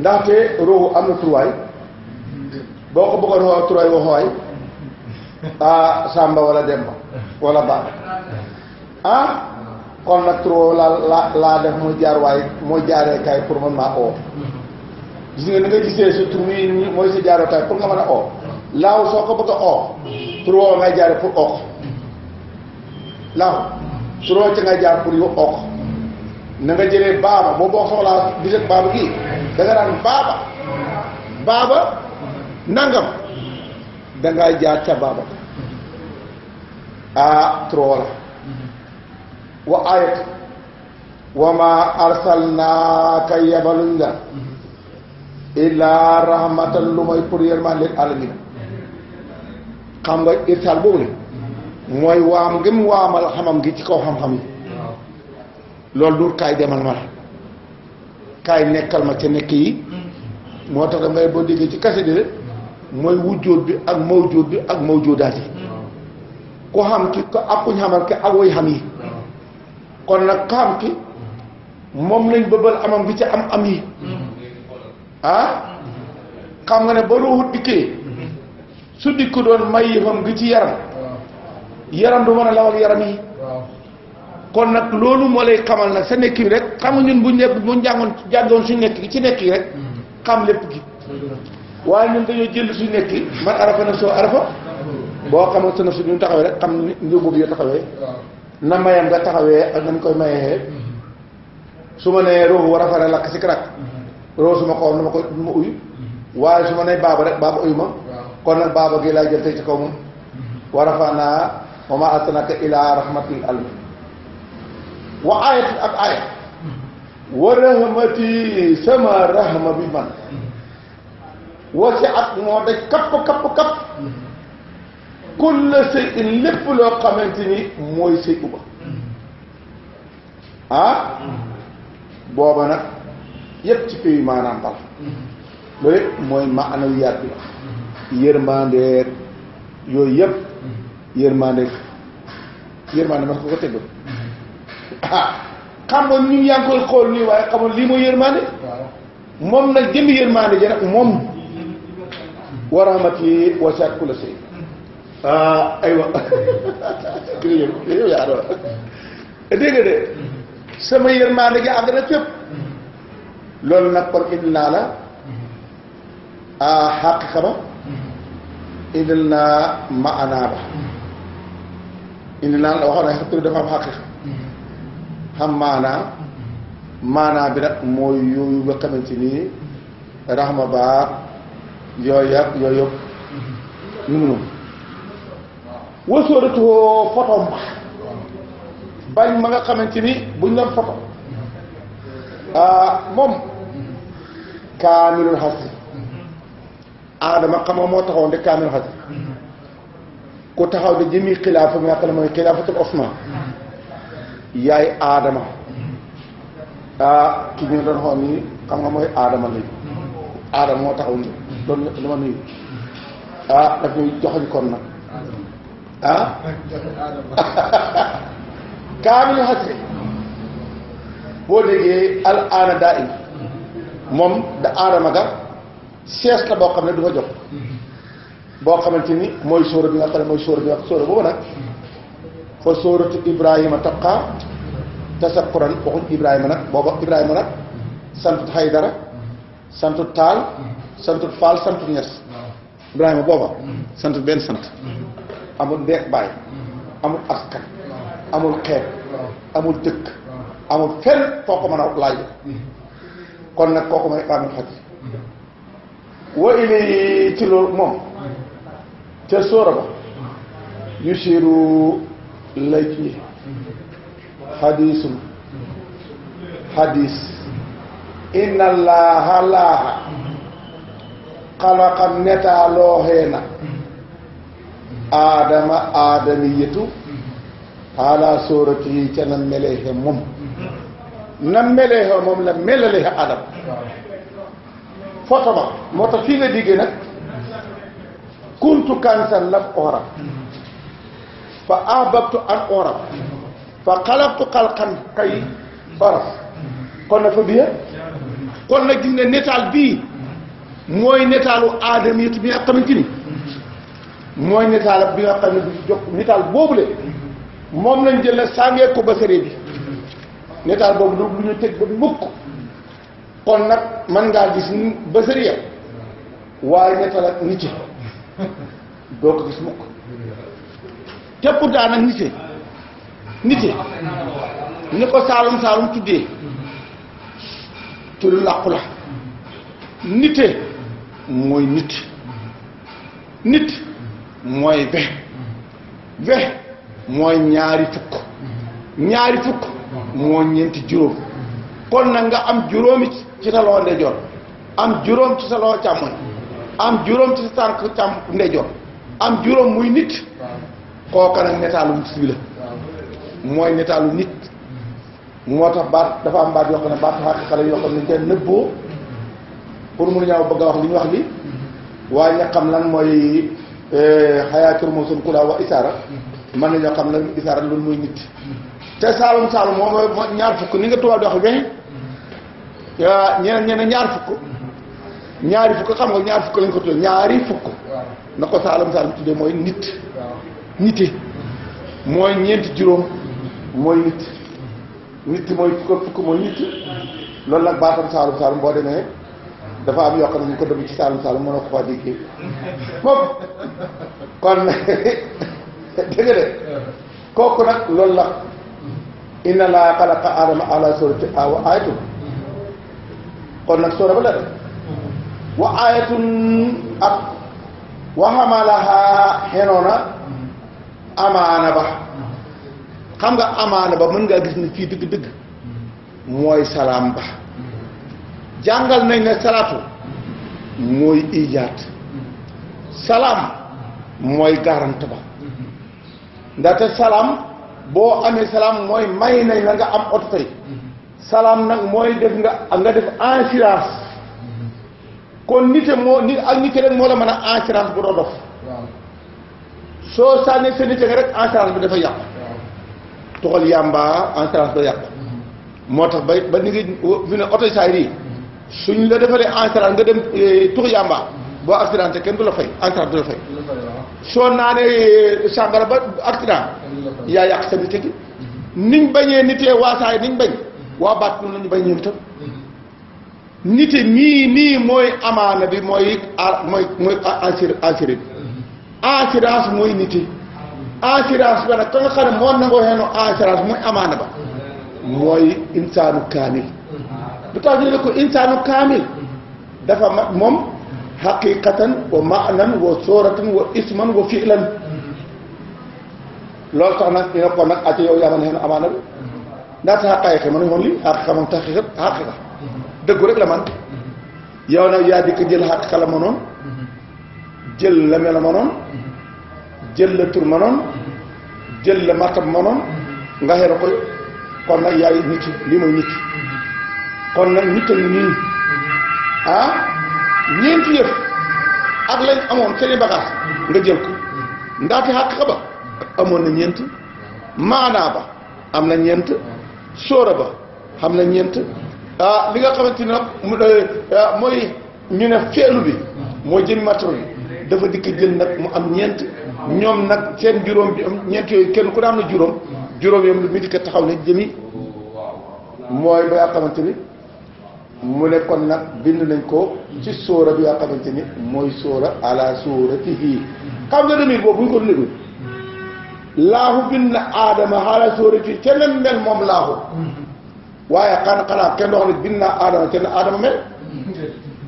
ndaxte ruuxu am na turwaay boo ko bëggoon wax turwaay waxuwaay ah wala Demba wala Ba ah kon nag turwaay la laa def mooy jaar waay mooy jaaree kaay pour mën maa oo gis nga nga gisee sa tur wi mooy sa jaaroo kaay pour nga mën a oo laaw soo ko bëgg a oo ngay jaare pour oo laaw turwaay ci ngay jaar pour yu oo na nga jëlee baaba boo boo soxlaa di rek baaba gi da nga daan baaba baaba nangam da jaar ca baaba a trop wa ayat wa maa arsalnaaka yabaluñ la illaa rahmatan lu may pour yërmaan lil alamina xam nga irsal boobu la mooy waam ngim waamal xamam gi ci kaw xam-xam loolu du kaay demal ma kaay nekkal ma ca nekk yi moo tax dangay boo déggee ci kase de mooy wujjóot bi ak mawjóot bi ak mawjóotaat yi ku xam ki ko ak kuñ xamal ki ak way xam yi kon nag ku xam ki moom lañ bëbal amam bi ci am am yi ah xam nga ne ba ruuxut dikkee su dikk doon may yëfam gi ci yaram yaram du mën a law yaram yi kon nag loolu moo lay xamal nag sa nekk bi rek xam nga ñun bu ñu nekk bu ñu jàngoon jàngoon suñu nekk gi ci nekki gi rek mm. xam lépp gi waaye ñun dañoo jël suñu nekk man arafa na soo arafa boo xamal sa su ñu taxawee rek xam ñu boobu yo taxawee na mayam nga taxawee ak nañ koy mayee mm-hmm. su ma nee roofu war a fare lakk ko mm-hmm. nu ma ko nu ma uyu mm-hmm. waaye su ma nee kon nag baaba gi laa jël tey ci a fa naa wa maa arsalnaaka wa ayatin ak ayat wa rahmati sama rahma bi man wasi at moo daj kapp kapp kapp kulla sëy lépp loo xamante ni mooy sëy uba ah booba nag yépp ci pays bal loolu yëpp mooy maanawiyaat bi wax yërmandeer yooyu yëpp yërmandeer yërmandeer ma ko ko tëgg xam nga ñu yaa ngi koy xool nii waaye xam nga lii mooy yërmande moom nag jëmmi yërmande ji nag moom wa rahmati wasi'at kulla shay ah aywa yow yaa doon dégg de sama yërmande gi àgg na fépp loolu nag kon indil naa la ah xaqiqa ba indil naa maanaa ba indil naa la waxoon na tur dafa am xaqiqa xam maanaa maanaa bi nag mooy yooyu nga xamante nii raxma baa yooyu yàq yooyu yëpp ñu ngi wa sóoratoo photom ba bañ ma nga xamante ni buñ doon photo ah, moom kaamilul xas aadama xam nga moo taxawoon de kaamilul xas ku taxaw de jëmi xilaafa mooy xilaafatul osman yaay aadama ah ki ñu doon xool nii xam nga mooy aadama léegi aadama moo taxaw nii doon dama nuyu ah daf ñuy joxoñ kon nag ah kaamilu boo déggee al daa im moom da aadama ga sees la boo xam ne du fa jox boo xamante ni mooy sóora bi nga xam ne mooy sóora bi nga sóora boobu nag fa sóoratu Ibrahima tabqa tasakkuran waxuñ Ibrahima nag booba Ibrahima nag santut Haydara santut Taal santut Faal santut Ñas Ibrahima booba santut benn sant amul ndeeg baay amul askan amul xeet amul dëkk amul fenn foo ko mën a laaj kon nag kooku may xaamul xaj wa ili ci loolu moom ca sóora ba yusiru la ci xadiisul xadiis inna laaha laaha xalaqa netaalooxeena aadama aadamiyatu haala soorati ca na meleexe moom na meleexe moom la melaleexe adam ba moo tax fii nga diggee nag kuntu kansan laf fa ahbabtu an uraf fa xalaqtu xalqan kay baraf kon na fa biya kon na gis netaal bii mooy netaalu aadama bi nga xamante ni mooy netaal bi nga xam ne bi jox netaal boobule moom lañ jël na sàngee ko ba bi netaal boobu lu ñu teg ba mukk kon nag man ngaa gis ba waaye netaal ak nit ci doo ko gis mukk te pourtant nag nite nite ni ko saalum saalum tuddee turu làqu la nite mooy nit nit mooy be be mooy ñaari fukk ñaari fukk moo ñeenti juróom kon nag nga am juróomi ci sa loxo ndeyjoor am juróom ci sa loxo càmmoñ am juróom ci sa tànk càmm ndeyjoor am juróom muy nit kooka nag netaalum fii la mooy netaalu nit moo tax baat dafa am baat yoo xam ne baat xale yoo xam ne kenn nëbboo pour mun wax li ñu wax xam lan mooy eh, xayaatur moom suñ kulaa wa isaara mën nañoo xam lan isaara loolu mooy nit te saalum saalum fukk ni nga tubaab di wax vingt ñaar fukk ñaari xam nga ñaar fukk lañ ko tuddee ñaari fukk na ko saalum saalum tuddee mooy nit nite mooy ñeenti juróom mooy nit nit mooy fukk fukk mooy nit loolu nag baatam saalum saalum boo demee dafa am yoo xam ne ñu ko dem ci saalum saalum mën a ko faa déggee moom kon nag loolu la inna laa xalaqa aadama ala la xenoona amaana ba xam nga amaana ba mën ngaa gis ni fii dëgg-dëgg mooy salaam ba jàngal nañ ne salaatu mooy ijaat salaam mooy garante ba ndaxte salaam boo amee salaam mooy may nañ la nga am oto tey salaam nag mooy def nga nga def assurance kon nit nit ak nit rek moo la mën a assurance bu doo soo sànnee seen i cëng rek assurance bi dafa yàqu toxal yàmbaa assurance ba yàqu moo tax ba ba ni ngi fi ne su ñu la defalee assurance nga dem eh, tux yàmbaa boo accidenté kenn du la fay assurance du la fay soo naanee eh, sàngara ba accident yaa yàq sa nit gi niñ bañee nitee waa saay niñ bañ waa baat noonu lañu bañ ñoom itam nite nii nii mooy amaana bi mooy ah, mooy mooy assuré ah, assuré bi assurance mooy nite assurance ba nag ka nga xam ne muy amaana ba mooy insaanu kaamil lu tax ñu ne ko insaanu kaamil dafa mat moom xaqiqatan wa maanan wa sooratan wa isman wa filan loolu tax nag ñu ne ko nag acca yow yaa mën a xeenu amaana bi ndax sa xaqaayiqi mën a xoon lii xaqiqa moom tax xaqiqa dëggu rek la man yow nag yaa di ko jël xaqiqa la mënoon jël na melo manoon jël la tur manoon jël la martab manoon nga xeera ko kon nag yaay nit ki lii mooy nit ki kon nag nit a ngi nii ah ak lañ amoon seeni bagaas nga jël ko ndaati xàq ba amoon na ñeent maanaa ba am na ñeent sóora ba xam na ñeent ah li nga xamante ne nag eh, eh, mooy ñu ne feelu bi mooy jëmi matériel dafa dikk jël nag mu am ñeent ñoom nag seen juróom ñeent yooyu kenn ku daan na juróom juróom yom mu dikk taxaw ne jëmi mooy ba nga xamante ni mu ne kon nag nañ ko bi nga xamante ni mooy sóora ala sóoratihi xam nga demir boobu buñ ko léegi laahu bind na aadama ala sóoratihi ca nen mel moom laahu waaye xanaa xanaa kenn doo xam ne bind naa aadama ca ne aadama mel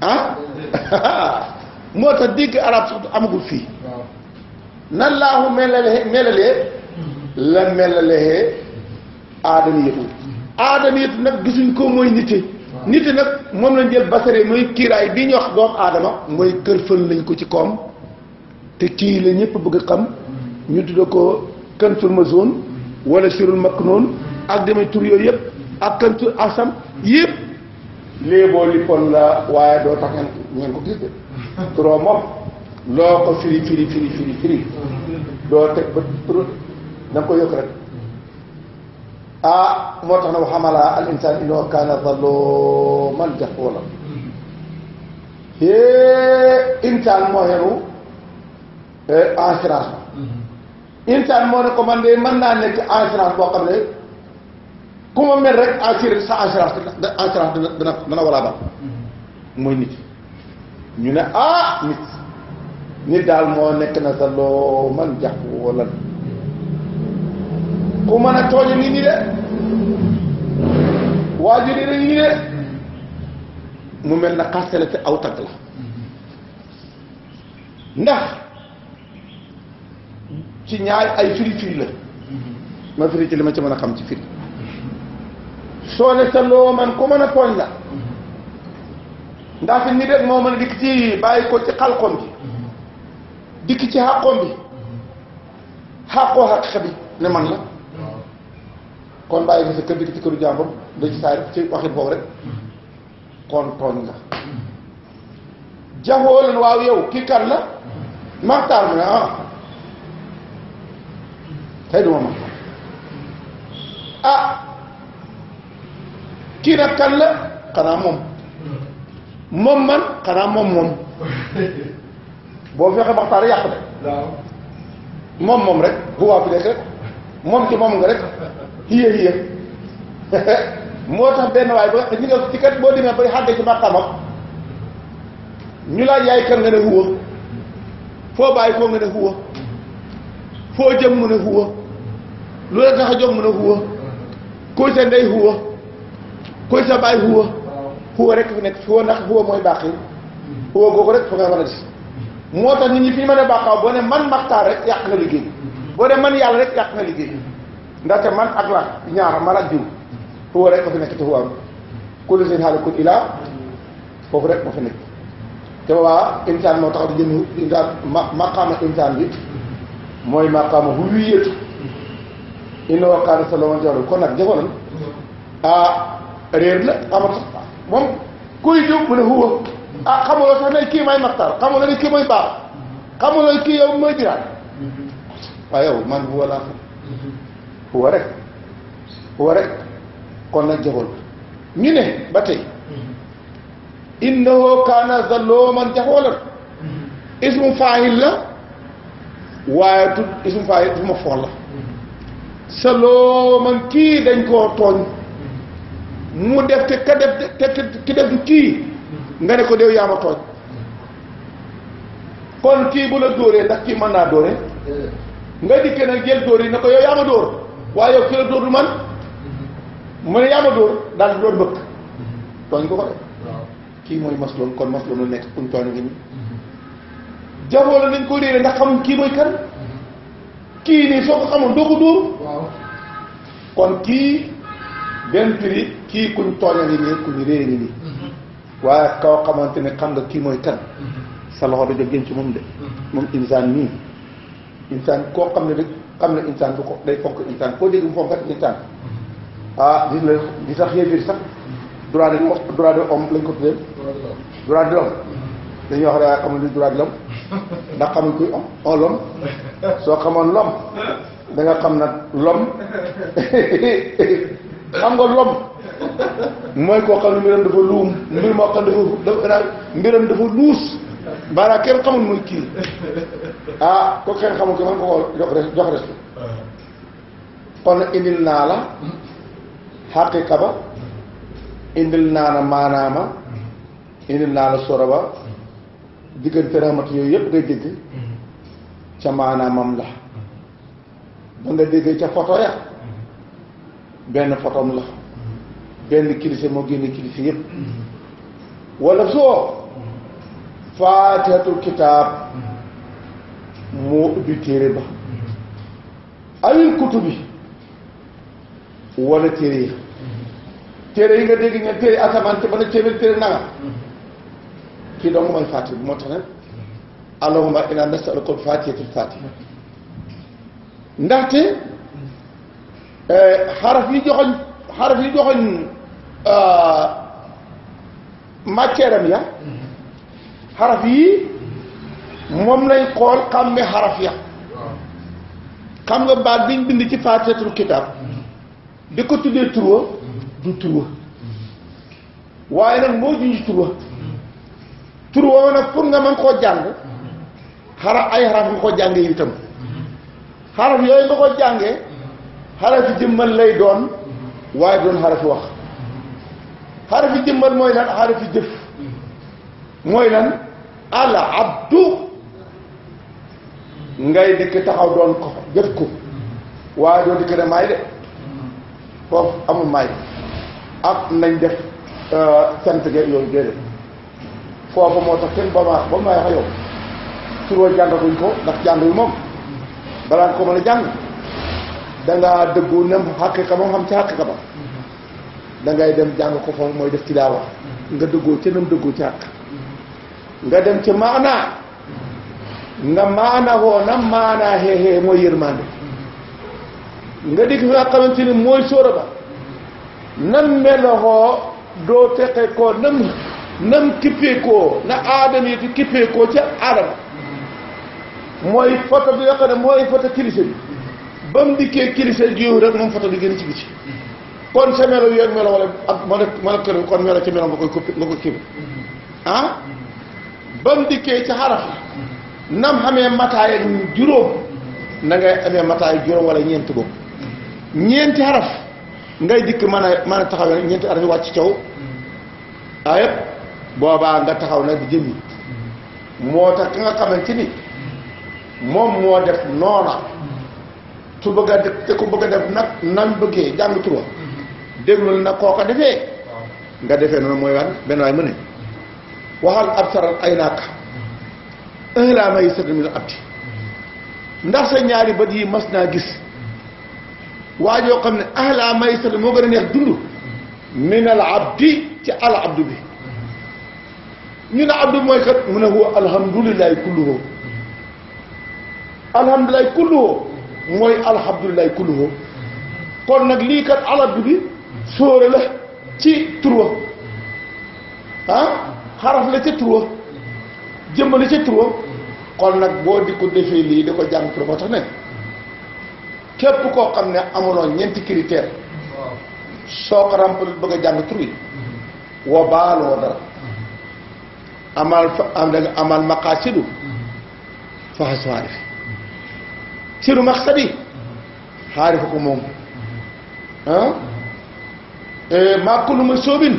ah moo tax digg arab sax amagul fii nan laa ko melalee melalee la mellale aadama yëpp aadama yëpp nag gisuñ ko mooy nite nite nag moom lañ jël basare mooy kiiraay bi ñu wax doomu aadama mooy kër fël lañ ko ci koom te kii la ñëpp bëgg xam mm. ñu tudda ko kantul mazone mm. wala sirul maknoon ak demee tur yooyu yëpp ak kantul asam yëpp léeboo lippoon la waaye doo tax ngeen ko gis de trop moom firi firi firi firi firi doo teg bët rek ah moo na xamalaa al insaan kaana zaluuman jahuulan insaan moo xenu eh, assurance ma mm-hmm. insaan moo ne man de mën naa nekk assurance boo xam ku ma mel rek assuré sa assurance assurance dana dana dana walaabal mooy nit ñu ne ah nit nit daal moo nekk na sa loo man jàpp wala ku mën a tooñ nit ñi de waajur yi de mu mel na xastale te aw tagg la ndax ci ñaar ay firi firi la mm-hmm. ma firi ci li ma ci mën a xam ci firi soo sa loo ku mën a tooñ la ndax fi nit rek moo mën a dikk ci bàyyi ko ci xalqoom bi dikk ci xàqoom bi xàqoo xaq bi ne man la kon bàyyi nga sa kër dikk ci këru jàmbur da ci saay ci waxit boobu rek kon tooñ la jafoo leen waaw yow kii kan la maxtaar mu ne ah tey ah kii nag kan la xanaa moom moom man xanaa moom moom boo fexe waxtaan yàq de moom moom rek huwaa bi nekk rek moom ci moom nga rek hiya hiya moo tax benn waay ba ñi nga ci kat boo demee ñu laaj yaay kan nga ne huwa foo bàyyi koo nga ne huwa foo jëm mu ne huwa lu la tax a mu ne huwa kuy sa ndey huwa koy sa bàyyi huwa huwa rek fi nekk huwa ndax huwa mooy bàq yi huwa googu rek fa nga war a gis moo tax nit ñi fi ñu mën a bàqaaw boo ne man maxtaar rek yàq nga liggéey boo ne man yàlla rek yàq nga liggéey ndaxte man ak la ñaar man ak jiw huwa rek ma fi nekk te huwa kullu sin xaala kun ilaa foofu rek ma fi nekk te waa insaan moo tax di jënd insaan ma maqaama insaan bi mooy maqaama hu wiyéetu inna wa kaana sa la woon jawlu kon nag jëfoon ah réer la amatul moom kuy jóg mu ne huwa ah xamuloo sax ne kii may maxtar xamuloo ne kii may kii yow mooy man huwa laa xam huwa rek huwa rek kon nag jagoon ne ba tey innahu kaana zalooman jaxoolan ismu faahil la waaye tut ismu faahil ma fool la sa kii dañ tooñ mu def te ka def te ki def kii nga ne ko déw yaa ma tooñ kon kii bu la dóoree ndax kii mën naa dóore nga dikkee nag jël dóor yi ne ko yow yaa ma dóor waaye yow ki la dóor man mu ne yaa ma dóor daal di doon bëgg tooñ ko ko de kii mooy masloon kon masloon nekk kuñ tooñ ngi nii mm-hmm. jaboo la nañ ko réere ndax xamuñ kii mooy kan mm-hmm. kii nii soo ko xamoon doo ko dóor kon kii benn prix kii kuñ tooña ngi nii kuñ réer ngi nii mm-hmm. waaye kaw xamante ne xam nga kii mooy kan mm-hmm. sa loxo du jóg ci moom de mm-hmm. moom insaan nii insaan koo xam ne rek xam ne insaan du ko day fonk insaan koo dégg mu fonkat insaan ah gis la di sax yéefir sax droit de droit de homme lañ ko tuddee droit de l'homme ndax xamul kuy on soo xamoon l'homme da xam nag l'homme xam nga l'homme mooy koo xam ne mbiram dafa luum mbir moo xam dafa dafa mbiram dafa luus baara kenn xamul muy kii ah ko kenn xamul ko man ko ko jox res jox res kon indil naa la xaqiqa ba indil naa la maanaama indil naa la soro ba diggante raxmat yooyu yëpp ngay dégg ca maanaamam la ba nga déggee ca photo ya benn photom la benn kilise moo génne kilise yépp wala soo faatihatul kitaab moo ubbi téere ba ayil kutubi wala téere yi téere yi nga dégg ña téere asamaan te ba na téere téere nanga kii dong mooy faatiha bi moo tax nag allahumma inna nasaluka faatihatul faatiha ndaxte eh, xaraf yi joxoñ xaraf yi joxoñ Euh, matière ya mm-hmm. xaraf yi moom lañ xol xamé xaraf ya oh. xam nga baat biñ bind ci faatihatul kitab mm-hmm. di ko tuddee turwa mm-hmm. du turwa waaye nag moo junj turwa turwa nag pour nga man ko jang xara ay xaraf ko jàngee itam xaraf yoy nga ko jàngee xarafi jëmmal lay doon waye doon xarafi wax xarafi jëmbat mooy lan xarafi jëf mooy lan al abdu ngay dikk taxaw doon ko jëf ko waaye doo dikk ne maay de foofu amul maay ak nañ def sant euh, ge yooyu déedéet foofu moo tax kenn ba ma ba may suroo jàngaguñ ko ndax jàngul moom balaa nga ko mën a jàng dangaa dëggu nem xàqiqa moom xam ci xàqiqa ba da ngay dem jàng ko foofu mooy def tilaawa nga dëggoo ca nam dëggoo ca àq nga dem ca maanaa nga maana woo na maanaa xeexee mooy yërmande nga dégg fi nga xamante ni mooy sóora ba nam meloxoo doo teqe koo nam nam kippeekoo na aadama yi di kippeekoo ca aadama mooy foto bi nga xam ne mooy foto kilise bi ba mu dikkee kilise gi yow rek moom foto bi gën ci biti kon sa melo yooyu ak mën a mën a kër kon melo ci melo nga koy coppi nga koy kii ah bam dikkee ci xaraf nam xamee mataay juróom na ngay amee mataay juróom wala ñeenti bopp ñeenti xaraf ngay dikk mën a mën a taxawee ñeenti xaraf yi wàcc caw ah nga taxaw nag di jëmmi moo ki nga xamante ni moom moo def noona su bëgg a def te ku bëgg def nag nan bëggee jàng tuba déglul na kooka defee nga defee noonu mooy wan benn waay mu ne waxal ab saral ay naaka un laa may sëdd mi abdi ndax sa ñaari bët yi mas naa gis waajoo xam ne ah laa may sëdd moo gën a neex dund min al abdi ci al abdu bi ñu ne abdu mooy kat mu ne huwa alhamdulilahi kulluhu alhamdulilahi kulluhu mooy alhamdulilahi kulluhu kon nag lii kat al abdu bi sóora la ci turwa ah xaraf la ci turwa jëmm la ca turwa kon nag boo di ko defee lii di ko jàng pour moo tax ne képp koo xam ne amuloo ñeenti critère soo ko remplir bëgg a jàng tur yi woo baaloo dara amal fa am da nga amal maqaasidu siru maqsadi xaarifu ko moom ah? Eh, maa kullu ma sóobin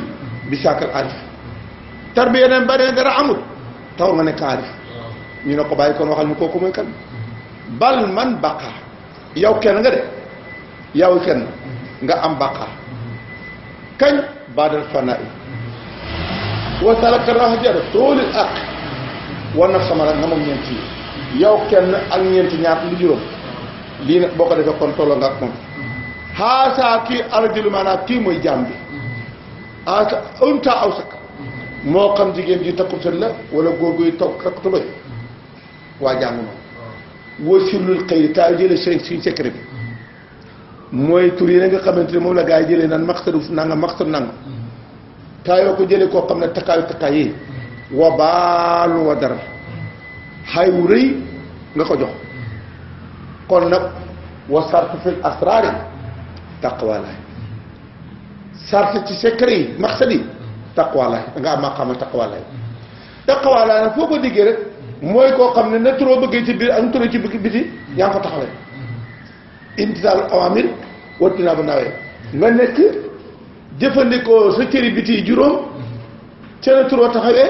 bi saakal arif ba ne dara amul taw nga nekk arif ñu ne ko bàyyi kon waxal ñu kooku mooy kan bal man baqaa yow kenn nga de yow kenn nga am baqaa kañ baadal fanaa'i wa salaka rahjar toolil aq war naf ma rak nga moom ñeent yi yow kenn ak ñeenti ñaar lu juróom lii nag boo ko defee kon tolloo nga ak moom xaasaa kii arajul maanaam kii mooy jaam bi asa unta moo xam jigéen ji takku sën la wala góor guy toog takku tubay waa jàng moom woo sirlul xëy taa jële s suñ secret bi mooy tur yi nga xamante ne moom la gaa yi jëlee naan maxtadu nanga maxtadu nanga taa yoo ko jëlee koo xam ne takkaayu wa baalu wa dara xay wu nga ko jox kon nag wa sartu fil asraari taqwa laay sart ci secret yi maqsad yi taqwa laay da nga am maqaama taqwa laay taqwa laay foo ko diggee rek mooy koo xam ne na turoo bëggee ci biir ak na turoo ci biti yaa ngi ko taxawee intisaalu awaamir wattinaa bu nawee nga nekk jëfandikoo sa cëri biti yi juróom ca na taxawee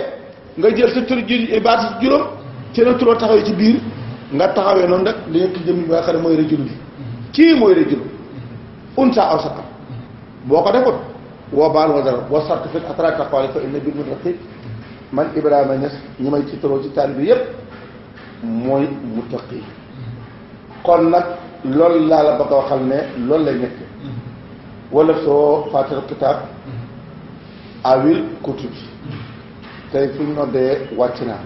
nga jël sa turi ji baat si juróom ca na taxawee ci biir nga taxawee noonu rek li nekk jëm mooy rajul bi kii mooy rajul unsa aw saqam boo ko defut woo baal wa dara wa sartu fil atrak taqwaali fa inna bil muttaqin man Ibrahima Niass ñi may tiitaroo ci taalibe bi yépp mooy muttaqi kon nag loolu laa la bëgg a ne loolu lay nekk wala soo faatir kitaab awil kutubi tey fu ñu noddee wàcc naa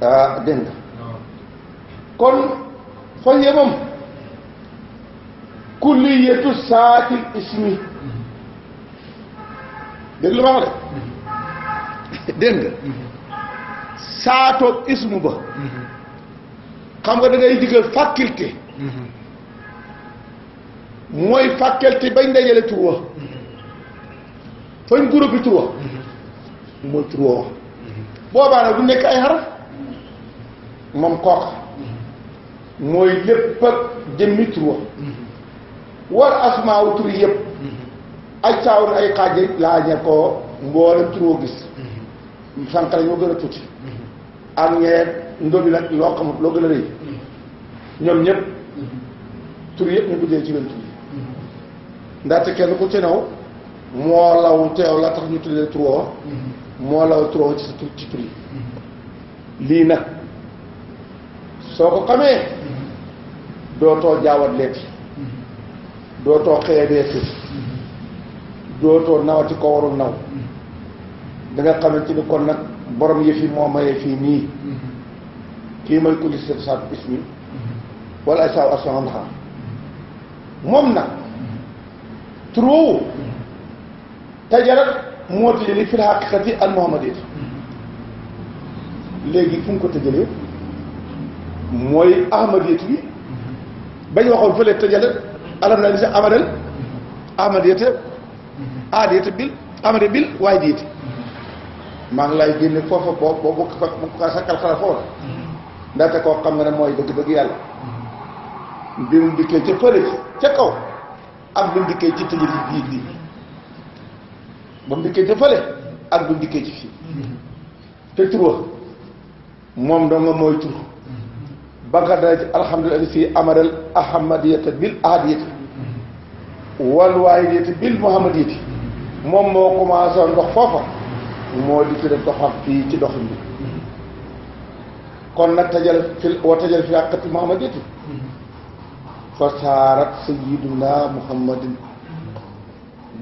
ah, dégg kon fa yemam kulliyatu saatil ismi dégg ma wax de dégg nga saatoog ismu ba xam nga da ngay digal faculté mooy faculté bañ dajale tur wa fañ groupe bi tur wa mooy tur wa boobaa nekk ay xaraf moom kooka mooy lépp jëmmi tur war asmaaw tur yëpp aj saawun ay xaaji laa ñe ko mboolem turoo gis mm-hmm. sànq gën a tuuti mm-hmm. ak ñee ndobi nag loo xamut loo gën a rëy mm-hmm. ñoom ñëpp tur yëpp ñu guddee ci wen tur ndaxte kenn ku ci naw moo law teew la tax ñu tuddee turoo moo law turoo ci ci tur yi lii nag soo ko xamee dootoo jaawat léegi dootoo xeebee suuf dootoo nawati ko warul naw mm-hmm. da nga xamante ni kon nag borom yëfi moo mayee fii nii mm-hmm. kii may ko listé saatu ismi mm-hmm. wala ay saaw arsoxan xam moom nag trop tajarat moo tëjee léegi fu mu ko tëjalee mooy ahmadiyya bi bañ waxoon fële tajarat alam na lisa abadan amadiyata aadiyata bil amade bil waay diiti maa ngi lay génne foofa boo boo bu bu ko sakkal xalaat foofa ndaxte koo xam nga ne mooy bëgg-bëgg yàlla bi mu dikkee ca fële kaw ak bi mu dikkee ci tëjëli bii bii ba mu dikkee ca fële ak bi mu dikkee ci fii te tur wa moom doo mooy tur ba nga dara ci fii amadal ahamadiyata bil aadiyata wal waahidati bil muhammadiyati moom moo commencé woon foofa moo di tuddee doxam fii ci doxin bi kon nag tajal fil wa tajal fil haqqati fa saarat sayyiduna muhammadin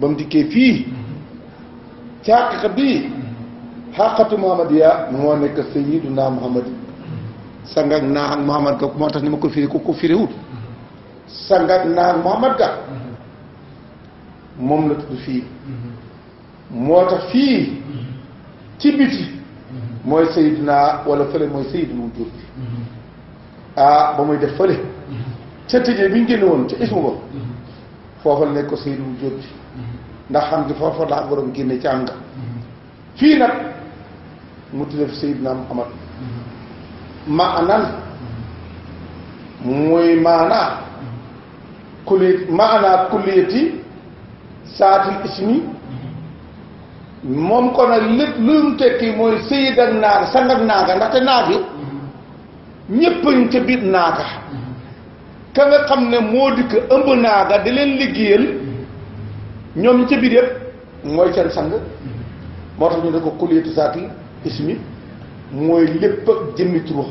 ba mu dikkee fii ci haqiqa bii haqqatu muhammadiya moo nekk sayyiduna muhammadin sang ak ak muhammad ga moo tax ni ma ko firi ku ko firiwut sang ak muhammad ga moom la tudd fii mm-hmm. moo tax fii ci biti mm-hmm. mooy sayiduna wala fële mooy sayiduna wujur bi mm-hmm. ah ba muy def fële ca tëjee bi ñu génne woon ca ismu ba foofa la nekk ko sayiduna wujur bi ndax xam di foofa laa borom génne ci fii nag mu tudd fi sayiduna Muhammad maanaan mooy maanaa kulliyati maanaa kulliyati saatul ismi moom ko nag lépp lu mu tekki mooy sëyid ak naaka sang ak naaka ndaxte naagi ñéppañ ca biir naaka ka nga xam ne moo dikk ëmb naaga di leen liggéeyal ñoom ca biir yëpp mooy seen sang moo tax ñu ne ko kuliyatu saatul ismi mooy lépp jëmmi turuwa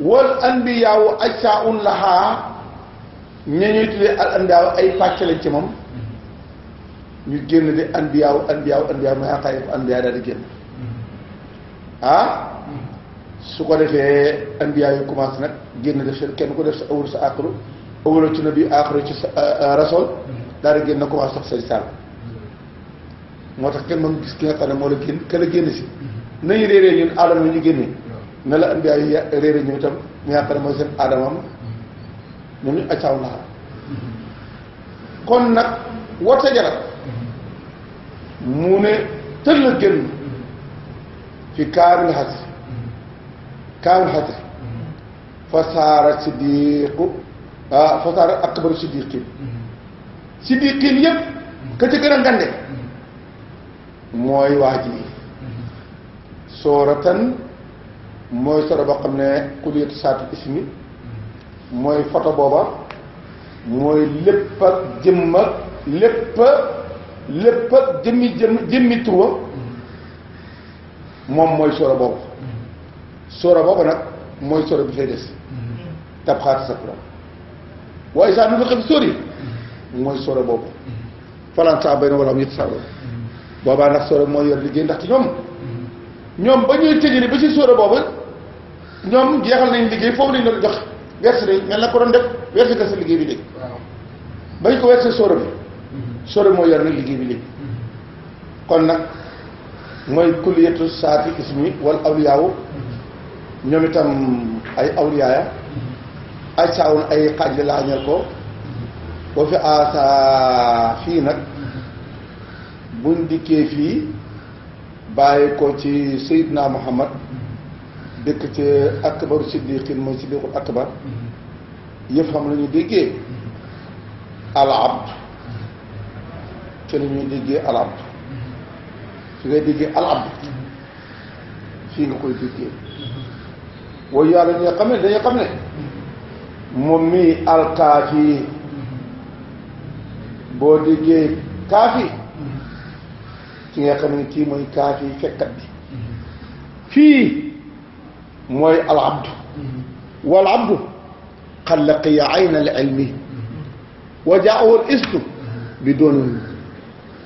wal anbiyaawu ajsaun lahaa ña ñuy tuddee al anbiyaaw ay pàcc lañ ci moom ñu génn di anbiyaaw anbiyaaw anbiyaaw mooy xaayif anbiyaa daal di génn ah? su ko defee anbiyaa yu commencé nag génn def seen kenn ko def si awul sa aqru awul ci nabi aqru ci sa rasool daal di génn commencé sax say saal moo tax kenn mën gis ki nga xam ne moo la génn ka la génn si nañu réeree ñun aadama ñu génnee na la india yu réeree ñoom itam mu yaakaar ne mooy seen aadamam mu ni acaaw laxam kon nag wata jarat mu ne tëll a génn fi kaamil xasri kaamil xasri fa saara siddiqu ah fa saara akbaru siddiqin siddiqin yépp ka ca gën a ngande mooy waa ji sooratan mooy soro boo xam ne kuliyatu saatu ismi mooy photo booba mooy lépp ak jëmm ak lépp lépp ak jëmmi jëmm jëmmi tuwa moom mooy sóora boobu sóora boobu nag mooy sóora bi fay des tabxaat sa pro waaye saa nu nga xam sóori mooy sóora boobu falan saa bay na wala am yëtt saaro boobaa nag sóora mooy yor liggéey ndax ci ñoom ñoom ba ñuy tëjëri ba ci sóora boobu ñoom jeexal nañ liggéey foofu lañ doon jox verse de mel na ko def verse ka sa liggéey bi léegi bañ ko verse sóora bi mhm. sóora moo yor nag liggéey bi léegi mhm. kon nag mooy kulliyatu saati ismi wal awliyaawu mhm. ñoom itam ay awliyaaya ay saawun ay xaaj la laañal ko boo fi aasa fii nag buñ dikkee fii bàyyi ko ci Seydina Muhammad dëkk ci akbaru siddiqin mooy siddiqul akbar mm-hmm. yëf xam la déggee mm-hmm. al abd ci la ñuy déggee al abd mm-hmm. fi ngay déggee al abd fii nga koy déggee wayu yàlla ñi nga xam ne dañu xam ne moom mii alkaafi boo déggee kaafi ci nga xam ne kii mooy kaafi fekkat bi fii mooy al abdu wal abdu qad laqiya ayna al ilmi wa jaahu al istu bi doon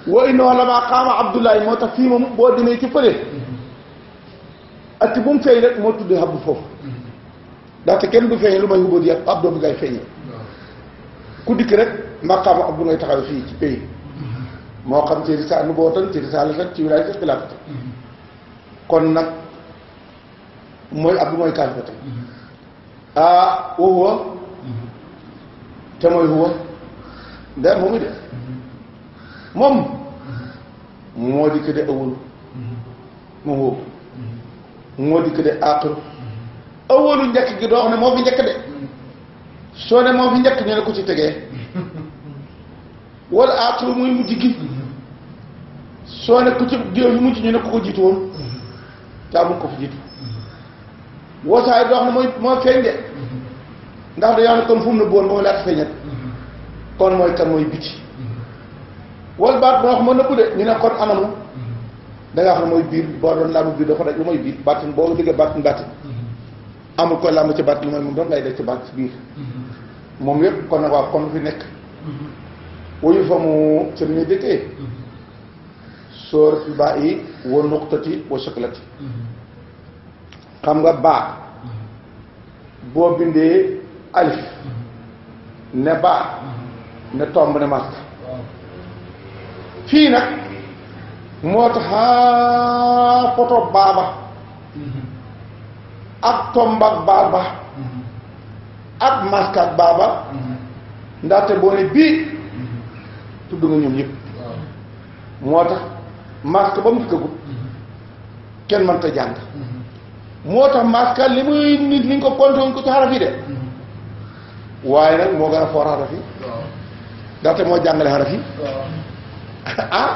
wa innahu lama qaama abdullahi moo tax fii moom boo demee ci fële atti bu mu feeñ rek moo tudd habbu foofu ndaxte kenn du feeñee lu may hubóot yàpp abdoo bi ngay feeñee ku dikk rek maqaama abdu ngay taxaw fii ci pays moo xam ci risaal nu bootan ci risaalatan ci wilaayatan xilaafatan kon nag mooy abdu mooy kàlbate mm-hmm. ah wowwa mm-hmm. te mooy huwa da moomu de mm-hmm. moom ko de awalu moom moo di de aaxiru awalu njëkk gi doo xam ne moo fi njëkk de soo ne moo fi njëkk ñu ne ko ci tegee wala aaxiru muy mujj gi soo ne ku ci géew yu mujj ñu ne ko ko jiitu woon te amul ko fi jiitu woosaay dox na mooy mooy feeñ de mm-hmm. ndax dañoo ne kon fu mu ne boon moo laata feeñat mm-hmm. kon mooy kan mooy biti mm-hmm. wal baat moo wax moo nëbbu de ñu ne kon anamu da nga xam ne mooy biir boo doon làmb biir dafa daj lu mooy biir bàttin boo déggee bàttin bàttin amul koy ci bàttin mooy moom doon ngay def ci bàtt biir moom yëpp kon nag waaw kon fi nekk wuyu fa mu seen ñu dëkkee sóor fi baa yi wa nuqtati wa soklati xam nga baat boo bindee alif ne baat ne tomb ne mask fii nag moo tax foto baaba ak tomb ak baaba ak mask ak baaba ndaxte boo ne bii tudd nga ñoom ñëpp moo tax mask ba mu fi kenn mënta jàng moo tax maskal li muy nit ni nga ko compté ko ci xaraf yi de waaye nag moo gën a foor xaraf yi ndaxte moo jàngale xaraf yi ah.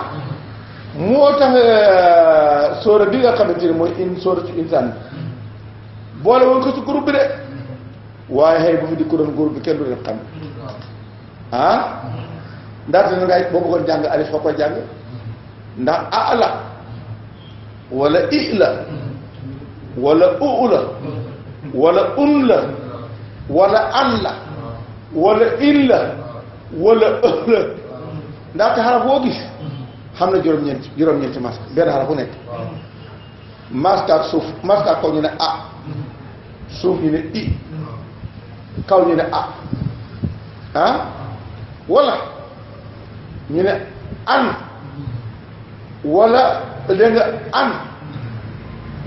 moo tax euh, sóora bi nga xamante ni mooy in sóora ci insaan bi boole woon ko ci groupe bi de waaye xëy bu fi di ko doon groupe bi kenn du leen xam ah ndaxte na ngay boo bëggoon jàng alif fa koy jàng ndax a la wala i la wala uu la wala un la wala an la wala il la wala ëh la ndaxte xaraf boo gis xam na juróom-ñeenti juróom-ñeenti masque benn xaraf bu nekk masque suuf masque ak kaw ñu a suuf ñu ne i kaw ñu ne a ah wala ñu an wala dégg an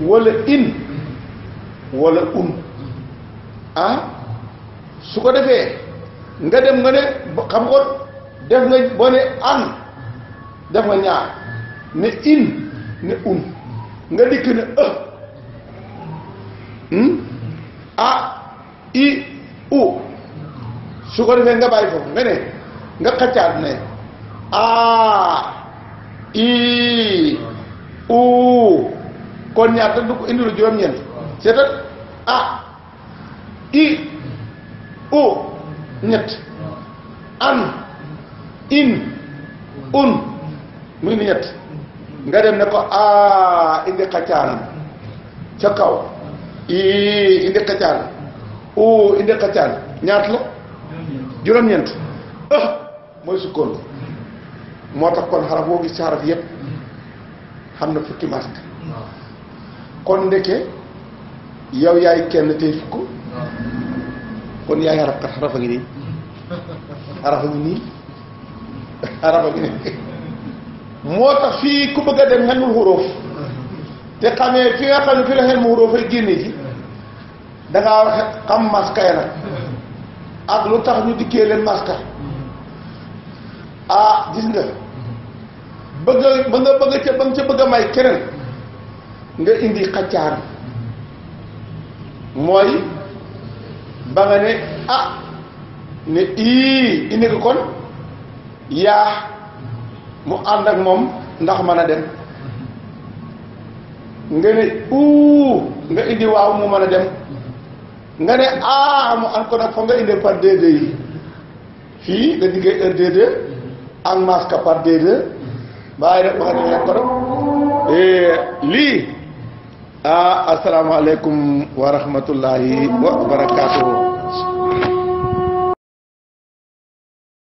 wala in wala un um. ah su ko defee nga dem nga ne xam ko def nga boo ne an def nga ñaar ne in ne un um. nga dikk ne ë e. hmm? ah, i u su ko defee nga bàyyi foofu nga ne nga xaccaat ne a ah, i u kon ñaar te du ko indilu juróom-ñeent seetal A I O ñett an in un muy ni ñett nga dem ne ko a indi xacaanam ca kaw i indi xacaan u indi xacaan ñaat la juróom-ñeent ah mooy sukkoon moo tax kon xaraf boo gis ci xaraf yépp xam na fukki masque kon ndeke yow yaay kenn tey fukk kon yaay xaraf xarafa ngi nii xarafa ngi nii moo tax fii ku bëgg a dem xelmul xuróof te xamee fi nga xam fi la xelmul xuróof ay génne ji da xam maska ya nag ak lu tax ñu dikkee leen maska ah gis nga bëgg ba nga bëgg ca ba nga ca bëgg a may keneen nga indi xaccaar mooy ba nga ne ah ne ii indi ko kon yaa mu ànd ak moom ndax mën a dem nga ne uu nga indi waaw mu mën a dem nga ne aa mu ànd ko nag fa nga indi par déedé yi fii nga diggee heure déedé ak masque par déedé bàyyi nag nga ne ko nag eh, lii ah asalaamaaleykum wa rahmatullahi wa barakaatu.